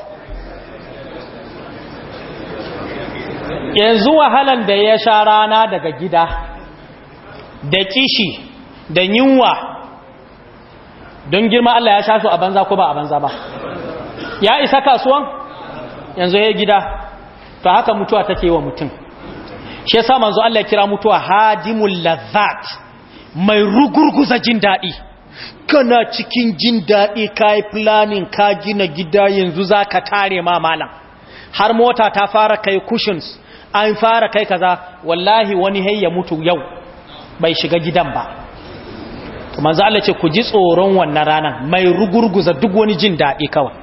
[SPEAKER 1] yanzu wahalan da ya sha rana daga gida da kishi da yunwa don girma Allah ya sha su a banza ko ba a banza ba ya isa kasuwan yanzu ya gida ta haka mutuwa take wa mutum shi ya yasa manzo Allah ya kira mutuwa hadimul lazzat mai rugurguza jin daɗi. kana cikin jin daɗi ka yi planning ka gina gida yanzu za ka tare ma malam har mota ta fara kai cushions an fara kai kaza wallahi wani hayya mutu yau bai shiga gidan ba manzo Allah ce ku ji tsoron wannan rana mai rugurguza duk wani jin daɗi kawai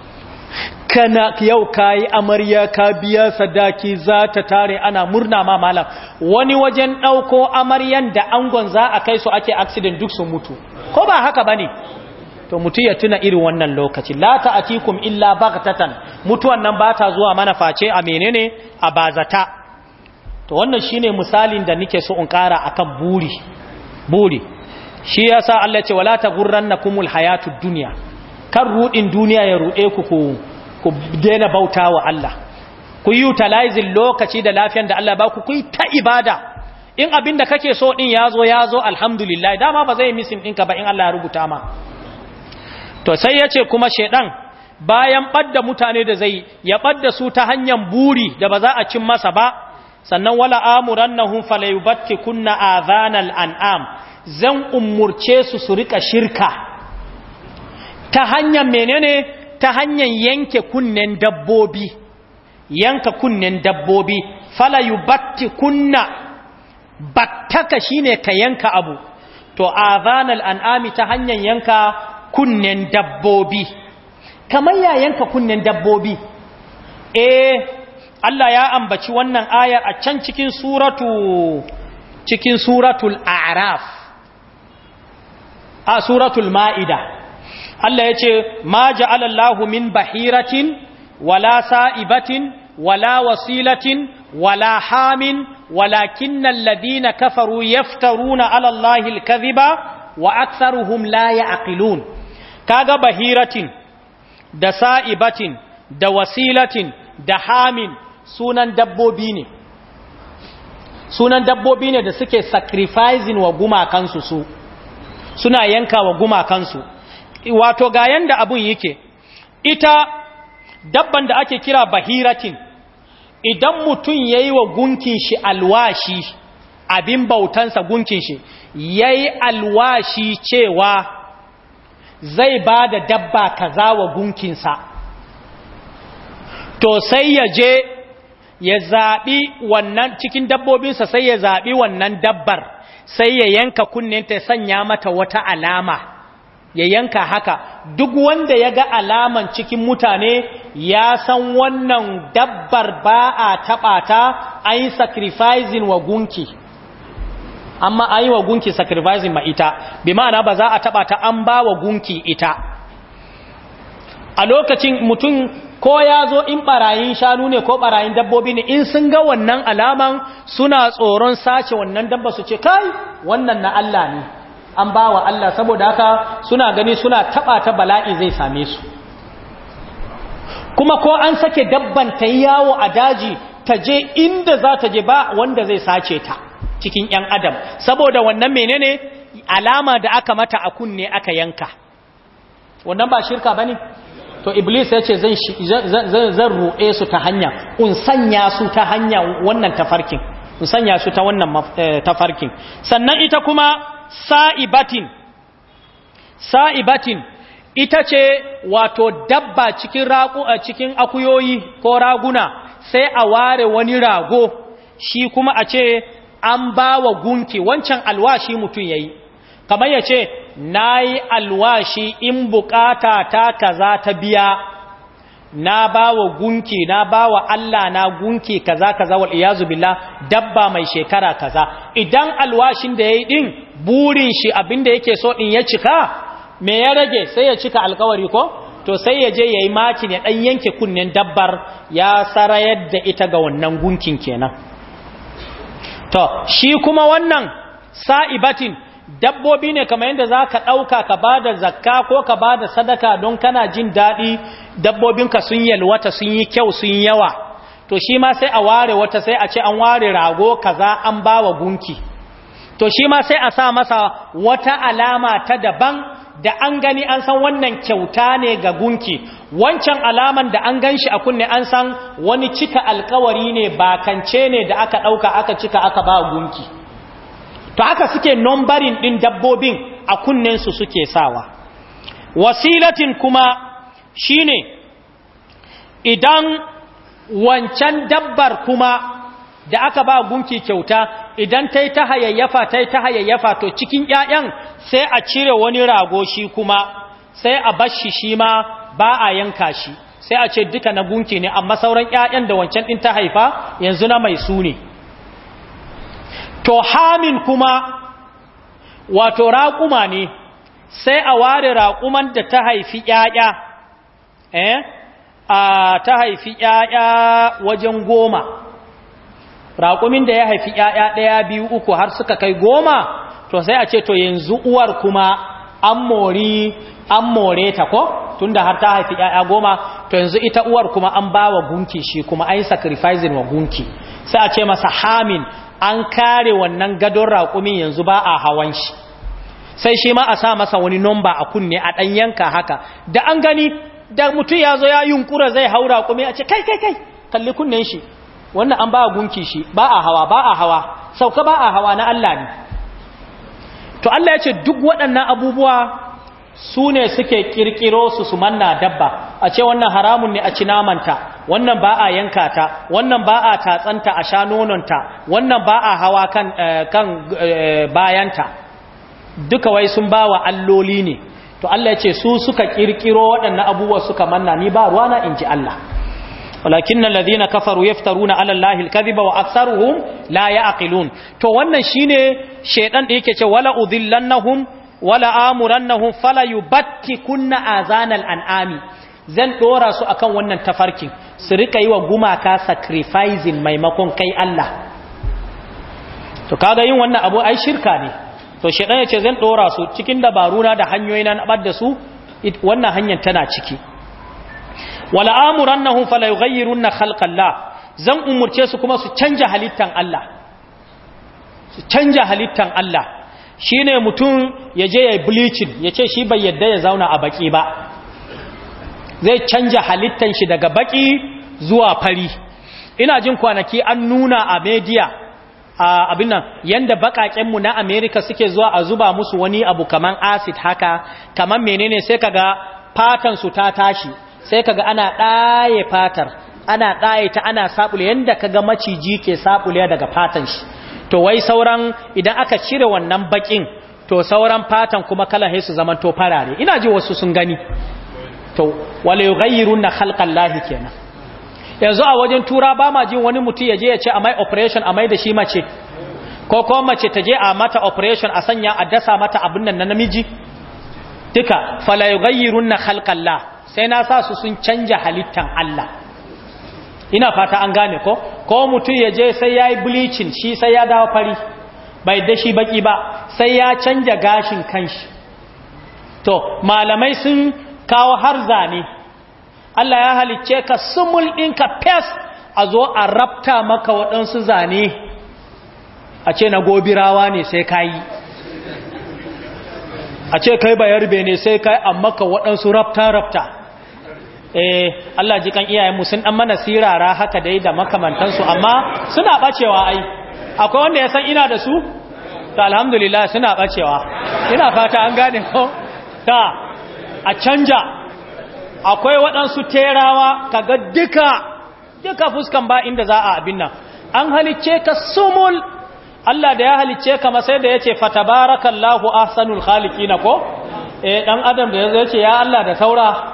[SPEAKER 1] kana yau kayi amarya ka biya sadaki za ta tare ana murna ma malam wani wajen ɗauko amaryan da angon za a kai su ake accident duk sun mutu ko ba haka ba ne? to mutu ya tuna irin wannan lokaci la atikum illa baghtatan mutuwan nan ba ta zuwa mana face a menene a bazata to wannan shine misalin da nike so in kara akan buri buri shi yasa Allah ce wala taghurrannakumul hayatud dunya kan ruɗin duniya ya ruɗe ku ku ku bauta wa Allah ku utilize lokaci da lafiyar da Allah ba ku ku ta ibada in abin da kake so din yazo yazo alhamdulillah dama ba zai misin ɗinka ba in Allah ya rubuta ma to sai yace kuma shedan bayan badda mutane da zai ya badda su ta hanyar buri da ba za a cin masa ba sannan wala amuran na kunna kunna zanar an'am zan umurce su su rika shirka ta hanyar menene ta hanyar yanke kunnen dabbobi yanka kunnen dabbobi kunna. battaka ne ka yanka abu to zanar an'ami ta hanyar yanka kunnen dabbobi kamar ya yanka kunnen dabbobi eh Allah ya ambaci wannan ayar a can cikin suratu cikin suratul a'raf a suratul ma'ida Allah ya ce ma ja'alallahu min bahiratin wala sa'ibatin wala wasilatin wala hamin walakinnal ladina kafaru yaftaruna ala Allahi al-kadhiba wa aktharuhum la ya'qilun kaga bahiratin da sa'ibatin da wasilatin da hamin sunan dabbobi ne sunan dabbobi ne da suke sacrificing wa gumakansu su suna yanka wa gumakansu wato ga yanda abun yake ita dabban da ake kira bahiratin idan mutum ya yi wa gunkin shi alwashi abin bautansa gunkin shi ya yi alwashi cewa zai ba da dabba kaza wa gunkinsa to sai ya je ya zaɓi wannan cikin dabbobinsa sai ya zaɓi wannan dabbar sai ya yanka kunnenta ya sanya mata wata alama ya yanka haka duk wanda ya ga alaman cikin mutane ya san wannan dabbar ba a taɓa ta a yi sacrificing wa gunki amma a yi wa gunki sacrificing ma ita bi ma'ana ba za a taɓa ta an ba wa gunki ita a lokacin mutum ko ya zo in barayin shanu ne ko barayin dabbobi ne in sun ga wannan alaman suna tsoron sace wannan dabba su ce kai wannan na Allah ne an ba wa Allah saboda haka suna gani suna taɓa ta bala'i zai same su kuma ko an sake dabban ta yawo a daji ta je inda za ta je ba wanda zai sace ta cikin 'yan adam saboda wannan menene alama da aka mata a kunne aka yanka wannan ba shirka bane to iblis ya ce zan ruɗe su ta hanya in sanya su ta hanya wannan tafarkin in sanya su ta wannan eh, tafarkin sannan ita kuma sa'ibatin sa'ibatin ita ce wato dabba cikin raku a eh, cikin akuyoyi ko raguna sai a ware wani rago shi kuma a ce an bawa gunki wancan alwashi mutum ya yi kamar ya ce na yi alwashi in bukata ta kaza ta biya na ba wa gunki na ba wa Allah na gunki kaza kaza wal iyazu billah dabba mai shekara kaza idan alwashin da yayi din burin shi abinda yake so din ya cika me ya rage sai ya cika alkawari ko to sai ya je yayi makin ya dan yanke kunnen dabbar ya sarayar da ita ga wannan gunkin kenan to shi kuma wannan sa'ibatin dabbobi ne kamar yadda za ka ɗauka ka ba da zakka ko ka ba da sadaka don kana jin daɗi dabbobinka sun yalwata sun yi kyau sun yawa to shi ma sai a ware wata sai a ce an ware rago kaza an ba wa gunki to shi ma sai a sa masa wata alama ta daban da an gani an san wannan kyauta ne ga gunki wancan alaman da an gan shi a kunne an san wani cika alkawari ne bakance ne da aka ɗauka aka cika aka ba gunki to aka suke nombarin ɗin dabbobin a kunnen su suke sawa wasilatin kuma shine idan wancan dabbar kuma da aka ba gunki kyauta idan ta yi ta hayayyafa ta yi ta hayayyafa to cikin ‘ya'yan sai a cire wani rago shi kuma sai a bashi shi ma ba a yanka shi sai a ce duka na gunki ne amma sauran ‘ya'yan da wancan ɗin ta haifa yanzu na mai su to hamin kuma wato raƙuma ne sai a ware raƙuman da ta haifi ƴaƴa eh a ta haifi ƴaƴa wajen goma raƙumin da ya haifi ƴaƴa ɗaya biyu uku har suka kai goma to sai a ce to yanzu uwar kuma an mori an more ta ko tunda har ta haifi ƴaƴa goma to yanzu ita uwar kuma an bawa gunki shi kuma ai sacrificing wa gunki sai a ce masa hamin an kare wannan gadon raƙumin yanzu ba a hawan shi sai shi ma a sa masa wani nomba a kunne a ɗan yanka haka da an gani da mutum ya zo ya yunkura zai hau raƙumi a ce kai kai kai kalli kunnen shi wannan an ba a gunki shi ba a hawa ba a hawa sauka ba a hawa na Allah ne to Allah ya ce duk waɗannan abubuwa su ne suke kirkiro su su manna dabba a ce wannan haramun ne a ci namanta wannan ba a yanka ta wannan ba a tatsanta a sha nononta wannan ba a hawa kan, eh, kan eh, bayanta duka wai sun ba wa alloli ne to Allah ya ce su suka kirkiro waɗannan abubuwa suka manna ni ba ruwana in ji Allah walakin alladhina kafaru yaftaruna ala allahi alkadhiba wa aktharuhum la aqilun. to wannan shine shaidan da yake ce wala udhillannahum wala amurannahum fala kunna azanal an'ami zan dora su akan wannan tafarkin su rika yi wa gumaka sacrificing maimakon kai Allah to kaga yin wannan abu ai shirka ne to shedan yace zan dora su cikin dabaruna da hanyoyi na nabar da su wannan hanyar tana ciki wala amurannahum fala yughayyirunna khalqallah zan umurce su kuma su canja halittan Allah su canja halittan Allah Shi ne mutum ya je ya bleaching ya ce shi bai yadda ya zauna a baki ba zai canja halittan shi daga baki zuwa fari ina jin kwanaki an nuna a media a abin nan yanda bakakenmu na Amerika suke zuwa a zuba musu wani abu kaman acid haka kaman menene sai kaga fatan su ta tashi sai kaga ana ɗaye fatar ana ɗaya ta ana sabule yanda kaga maciji ke sabule daga fatan shi to wai sauran idan aka cire wannan bakin to sauran fatan kuma kala haisu su zaman to farare ina ji wasu sun gani to wala halkan khalqallahi kenan yanzu a wajen tura ba ma jin wani mutum je ya ce a mai operation amai da shi mace ko kuma mace ta je a mata operation a sanya a dasa mata abin nan na namiji duka fala halkan la sai na sa su sun canja halittan Allah ina fata an gane ko ko mutum ya je sai ya yi bleaching shi sai ya dawo fari bai da shi baki ba sai ya canja gashin kanshi to malamai sun kawo har zane Allah ya halicce ka sumul ka fes a zo a rabta maka waɗansu zane a ce na gobirawa ne sai ka yi a ce kai bayarbe ne sai kai amma ka waɗansu rabta-rabta eh Allah jikan mu sun dan mana sirara haka dai da makamantansu amma suna bacewa ai akwai wanda ya san ina da su ta alhamdulillah suna bacewa ina fata an gane ko ta a canja akwai waɗansu terawa kaga duka duka fuskan ba inda za a abin nan an halicce ka sumul Allah da ya halicce ka ma sai da yace fatabarakallahu ahsanul khaliqina ko eh dan adam da yace ya Allah da saura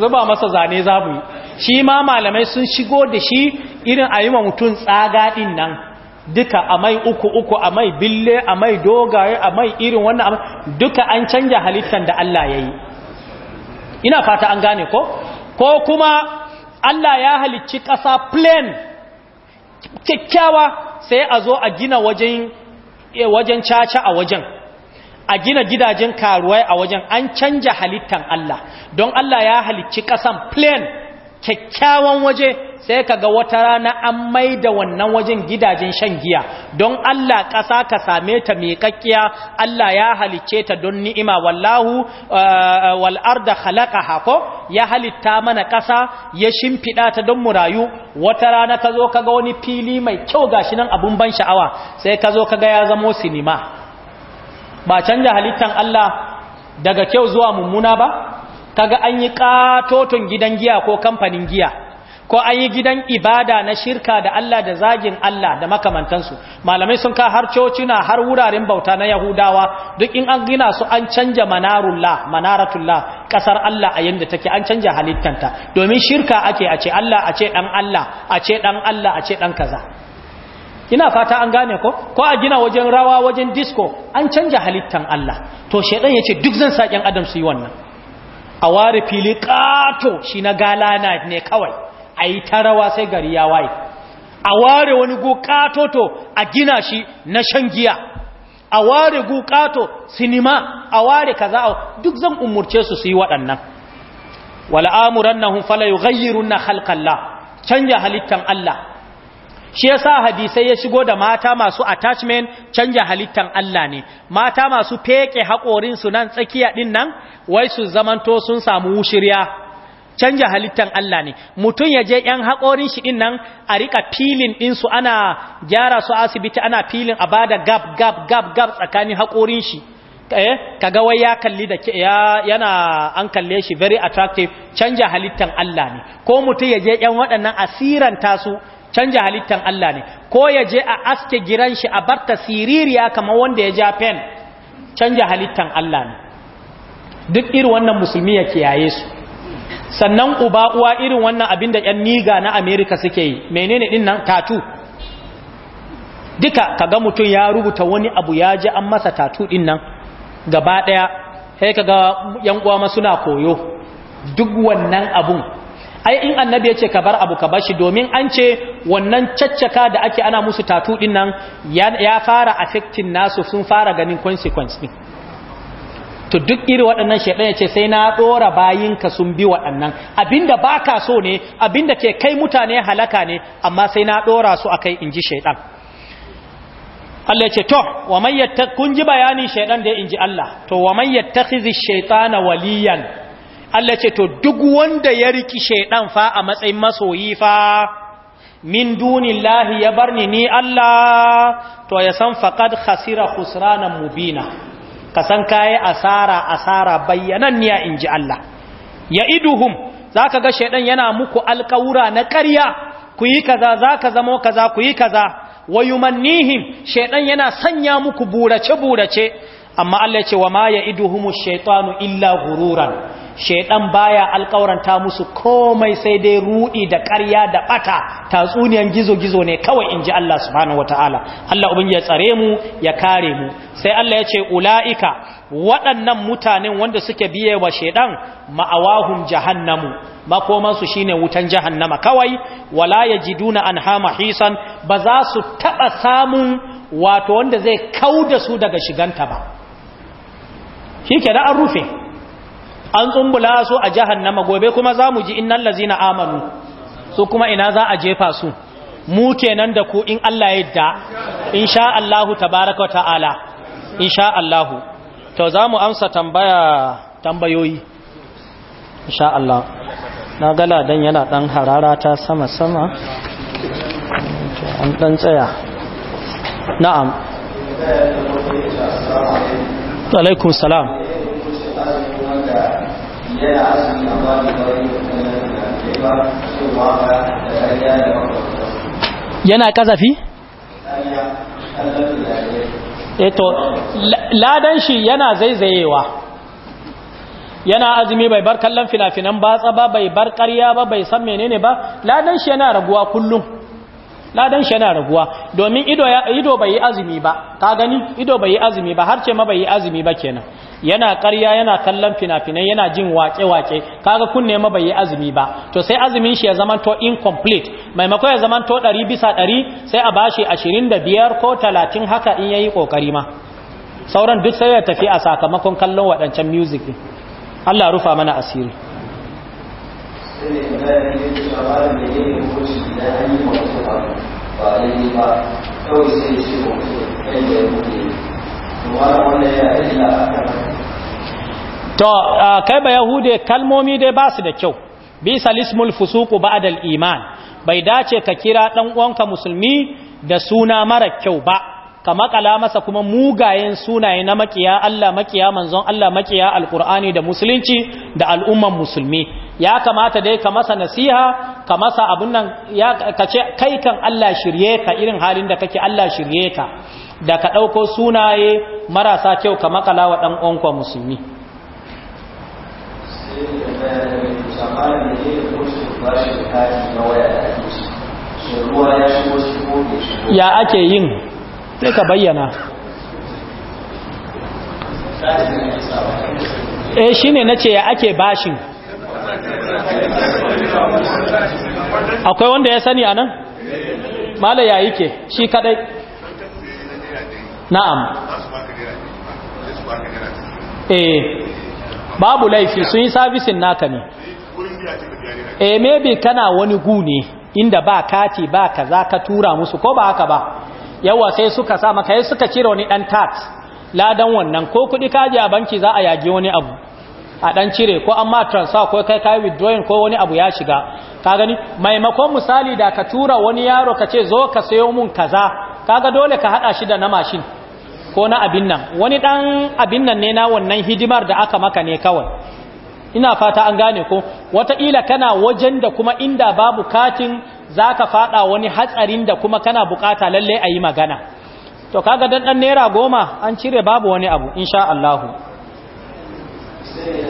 [SPEAKER 1] zuba masa zane za mu yi shi ma malamai sun shigo da shi irin a yi wa mutum tsaga ɗin nan duka a mai uku uku a mai bille a mai dogaye a mai irin wannan duka an canja halittar da Allah ya yi ina fata an gane ko ko kuma Allah ya halicci ƙasa plain kyakkyawa sai a zo a gina wajen eh, caca a wajen a gina gidajen karuwai a wajen an canja halittan Allah don Allah ya halicci ƙasan plain kyakkyawan waje sai kaga ga wata rana an mai da wannan wajen gidajen shan giya don Allah ƙasa ka same ta kakkiya Allah ya halicce ta don ni'ima wallahu eh, wal'arda halaka hako ya halitta mana ƙasa ya shimfiɗa ta don murayu wata rana ka zo ka wani fili mai kyau gashi nan abun ban sha'awa sai ka zo ka ya zamo sinima ba canja halittan Allah daga kyau zuwa mummuna ba kaga an yi katoton gidan giya ko kamfanin giya ko an yi gidan ibada na shirka da Allah da zagin Allah da makamantansu malamai sun ka har cocina har wuraren bauta na yahudawa duk in an gina su an canja manarullah manaratullah kasar Allah a yanda take an canja halittanta domin shirka ake a ce Allah a ce dan Allah a ce dan Allah a ce dan kaza ina fata an gane ko ko a gina wajen rawa wajen disco an canja halittan Allah to shedan yace duk zan sakin adam su yi wannan a ware fili kato shi na galana ne kawai ayi rawa sai gari ya waye a ware wani gukato to a gina shi na shangiya a ware gukato sinima a ware kaza duk zan umurce su su yi waɗannan wal'amurannahum fala yughayyirunna khalqallah canja halittan Allah shi yasa hadisai ya shigo da mata masu attachment canja halittan Allah ne mata masu feke haƙorinsu su nan tsakiya din nan wai su zamanto sun samu wushirya canja halittan Allah ne mutum ya je yan haƙorin shi din nan a rika filin din ana gyara su asibiti ana filin a bada gap gab gap gap tsakanin haƙorin shi eh kaga wai ya kalli da ya yana an kalle shi very attractive canja halittan Allah ne ko mutum ya je yan waɗannan asiranta su canja halittan Allah ne ko ya je a aske giran shi a barta siririya kamar wanda ya ja pen canja halittan Allah ne duk irin wannan musulmi ya kiyaye su sannan uba uwa irin wannan abin da yan niga na America suke yi menene din nan tatu duka kaga mutum ya rubuta wani abu ya ji an masa tatu din nan gaba daya sai kaga yan uwa ma suna koyo duk wannan abun ai in annabi ya ce ka bar abu ka bar shi domin an ce wannan caccaka da ake ana musu tatu din nan ya fara affecting nasu sun fara ganin consequence din to duk iri waɗannan shaidan ya ce sai na ɗora ka sun bi waɗannan abinda baka so ne abinda ke kai mutane halaka ne amma sai na ɗora su akai kai in ji shaidan Allah ya ce to wa kun ji bayanin shaidan da in ji Allah to wa man yattakhizi shaytana waliyan Allah ce to duk wanda ya riki shaidan fa a matsayin masoyi fa min dunillahi ya barni ni Allah to ya san faqad khasira khusranan mubina kasan kai asara asara bayyananniya inji Allah ya iduhum zaka ga shaidan yana muku alƙawura na ƙarya ku yi kaza zaka zamo kaza ku yi kaza wayumannihim shaidan yana sanya muku burace burace amma Allah ya ce wa ma iduhumu shaytanu illa ghururan shaytan baya alƙawaranta musu komai sai dai rudi da ƙarya da ɓata. tatsuniyan gizo-gizo ne kawai in ji Allah subhanahu wataala Allah ubangiji ya tsare mu ya kare mu sai Allah ya ce ulaika waɗannan mutanen wanda suke biye wa shaytan ma'awahum jahannamu makomansu shine wutan jahannama kawai wala ya yajiduna anha hisan. ba za su taɓa samun wato wanda zai kauda su daga shiganta ba shi ke da an rufe an tsumbula su a jahannama gobe kuma za mu ji in nan lazi na amanu su kuma ina za a jefa su mu kenan da ku in Allah in sha Allahu tabaraka ta'ala sha Allahu to za mu amsa tambaya tambayoyi sha Allah na gala dan yana dan harara ta sama-sama an dan tsaya na'am alaikum salam yana kazafi? eto eh ladan shi yana zaizayewa yana azumi bai bar kallon fina-finan batsa ba bai bar karya ba bai san menene ba ladan shi yana raguwa kullum ladan shi yana raguwa domin ido ya ido bai yi azumi ba ka gani ido bai yi azumi ba har ce ma bai yi azumi ba kenan yana ƙarya yana kallon fina-finai yana jin wake-wake kaga kunne ma bai yi azumi ba to sai azumin shi ya zamanto incomplete maimako ya zamanto 100 bisa 100 sai a bashi 25 ko 30 haka in yayi kokari ma sauran duk sai ya tafi a sakamakon kallon waɗancan music Allah rufa mana asiri
[SPEAKER 2] sai da da yi a yi ba kawai kai da ya ya
[SPEAKER 1] to kai ba yahude kalmomi dai ba su da kyau bisa lismul fusuku ba'dal iman bai dace ka kira ɗan uwanka musulmi da suna mara kyau ba ka makala masa kuma mugayen sunaye na makiya Allah makiya manzon Allah makiya alqur'ani da musulunci da al'umman musulmi ya kamata dai ka masa nasiha ka masa abun nan ka ce kai kan Allah shirye ka irin halin da kake Allah shirye ka da ka ɗauko sunaye marasa kyau ka makala wa ɗan musulmi ya ake yin sai ka bayyana e shine nace ya ake bashin akwai wanda ya sani anan mala ya yake shi kadai na'am eh babu laifi sun yi sabisin naka ne eh maybe kana wani gune inda ba kati ba kaza ka tura musu ko ba haka ba yawa sai suka sa maka yi suka cire wani dan tat ladan wannan ko kudi kaji a banki za a yage wani abu a dan cire ko amma transfer ko kai kai withdrawing ko wani abu ya shiga ka gani maimakon misali da ka tura wani yaro ka ce zo ka sayo mun kaza kaga dole ka hada shi da na mashin ko na abin nan wani dan abin nan ne na wannan hidimar da aka maka ne kawai ina fata an gane ko wata wataƙila kana wajen da kuma inda babu katin za ka fada wani hatsarin da kuma kana bukata lalle a yi magana to kaga dan dan naira goma an cire babu wani abu insha Allahu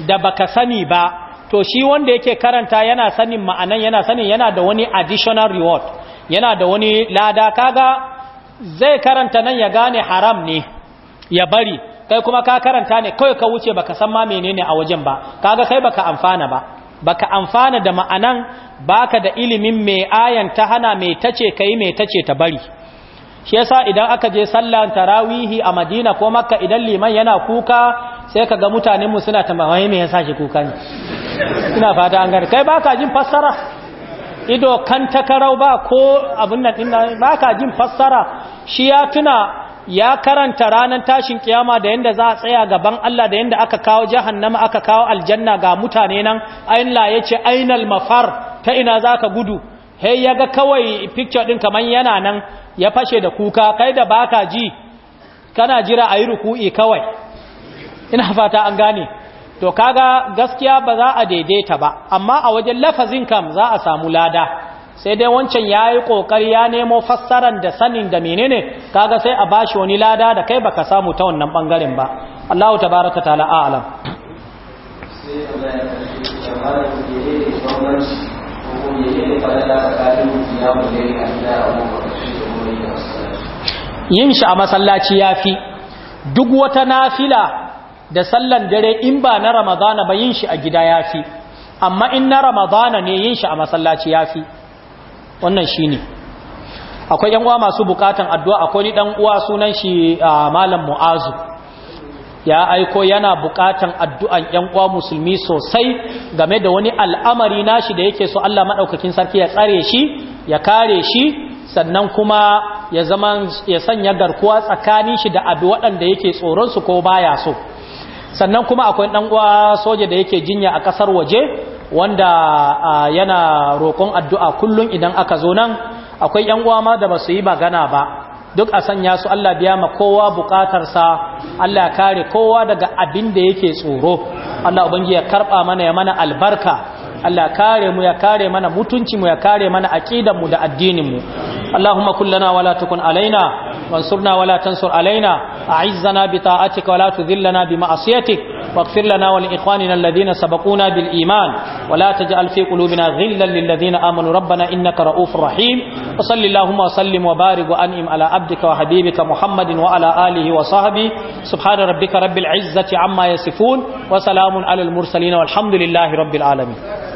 [SPEAKER 1] da baka sani ba to shi wanda yake karanta yana sanin ma'anan yana sanin yana da wani additional reward yana da wani lada kaga zai karanta nan ya gane haram ne ya bari kai kuma ka karanta ne kai ka wuce baka san ma menene a wajen ba kaga kai baka amfana ba baka amfana da ma'anan baka da ilimin mai ayan ta hana mai tace kai me tace ta bari shi yasa idan aka je sallan tarawihi a Madina ko Makka idan liman yana kuka sai ka ga mutanenmu suna tambaye mai yasa shi kuka ne suna fata an gani kai baka jin fassara ido kan takarau ba ko abin nan din baka jin fassara shi ya tuna ya karanta ranar tashin kiyama da yanda za a tsaya gaban Allah da yanda aka kawo jahannama aka kawo aljanna ga mutane nan Allah yace ainal mafar ta ina za ka gudu hey ga kawai picture ɗin kaman yana nan ya fashe da kuka kai da baka ji kana jira a yi ruku'i kawai ina fata an gane to kaga gaskiya ba za a daidaita ba amma a wajen lafazin kam za a samu lada sai dai wancan ya yi ƙoƙari ya nemo fassaran da sanin da menene kaga sai a bashi wani lada da kai baka samu ta wannan ɓangaren ba Allahu ta baraka ta yin shi a masallaci ya fi duk wata nafila da sallan dare in ba na ramadana ba yin shi a gida ya fi amma in na ramadana ne yin shi a masallaci ya fi wannan shi ne akwai yan uwa masu bukatan addu'a akwai ni uwa sunan shi malam mu'azu ya aiko yana bukatan addu'an yan uwa musulmi sosai game da wani al'amari nashi da yake so Allah madaukakin sarki ya tsare shi ya kare shi sannan kuma ya zama ya sanya garkuwa tsakanin shi da abu waɗanda yake tsoron su ko baya so sannan kuma akwai ɗan uwa soja da yake jinya a ƙasar waje wanda yana roƙon addu'a kullum idan aka zo nan akwai ‘yan uwa ma da ba su yi magana ba duk a sanya su Allah biya ma kowa buƙatarsa Allah kare kowa daga abin da yake tsoro Allah ubangi ya karɓa mana ya mana albarka Allah kare mu ya kare mana mutunci mu ya kare mana aqidan mu da addinin mu Allahumma kullana wala tukun alaina وانصرنا ولا تنصر علينا أعزنا بطاعتك ولا تذلنا بمعصيتك واغفر لنا ولإخواننا الذين سبقونا بالإيمان ولا تجعل في قلوبنا غلا للذين آمنوا ربنا إنك رؤوف رحيم وصل اللهم وسلم وبارك وأنئم على عبدك وحبيبك محمد وعلى آله وصحبه سبحان ربك رب العزة عما يصفون وسلام على المرسلين والحمد لله رب العالمين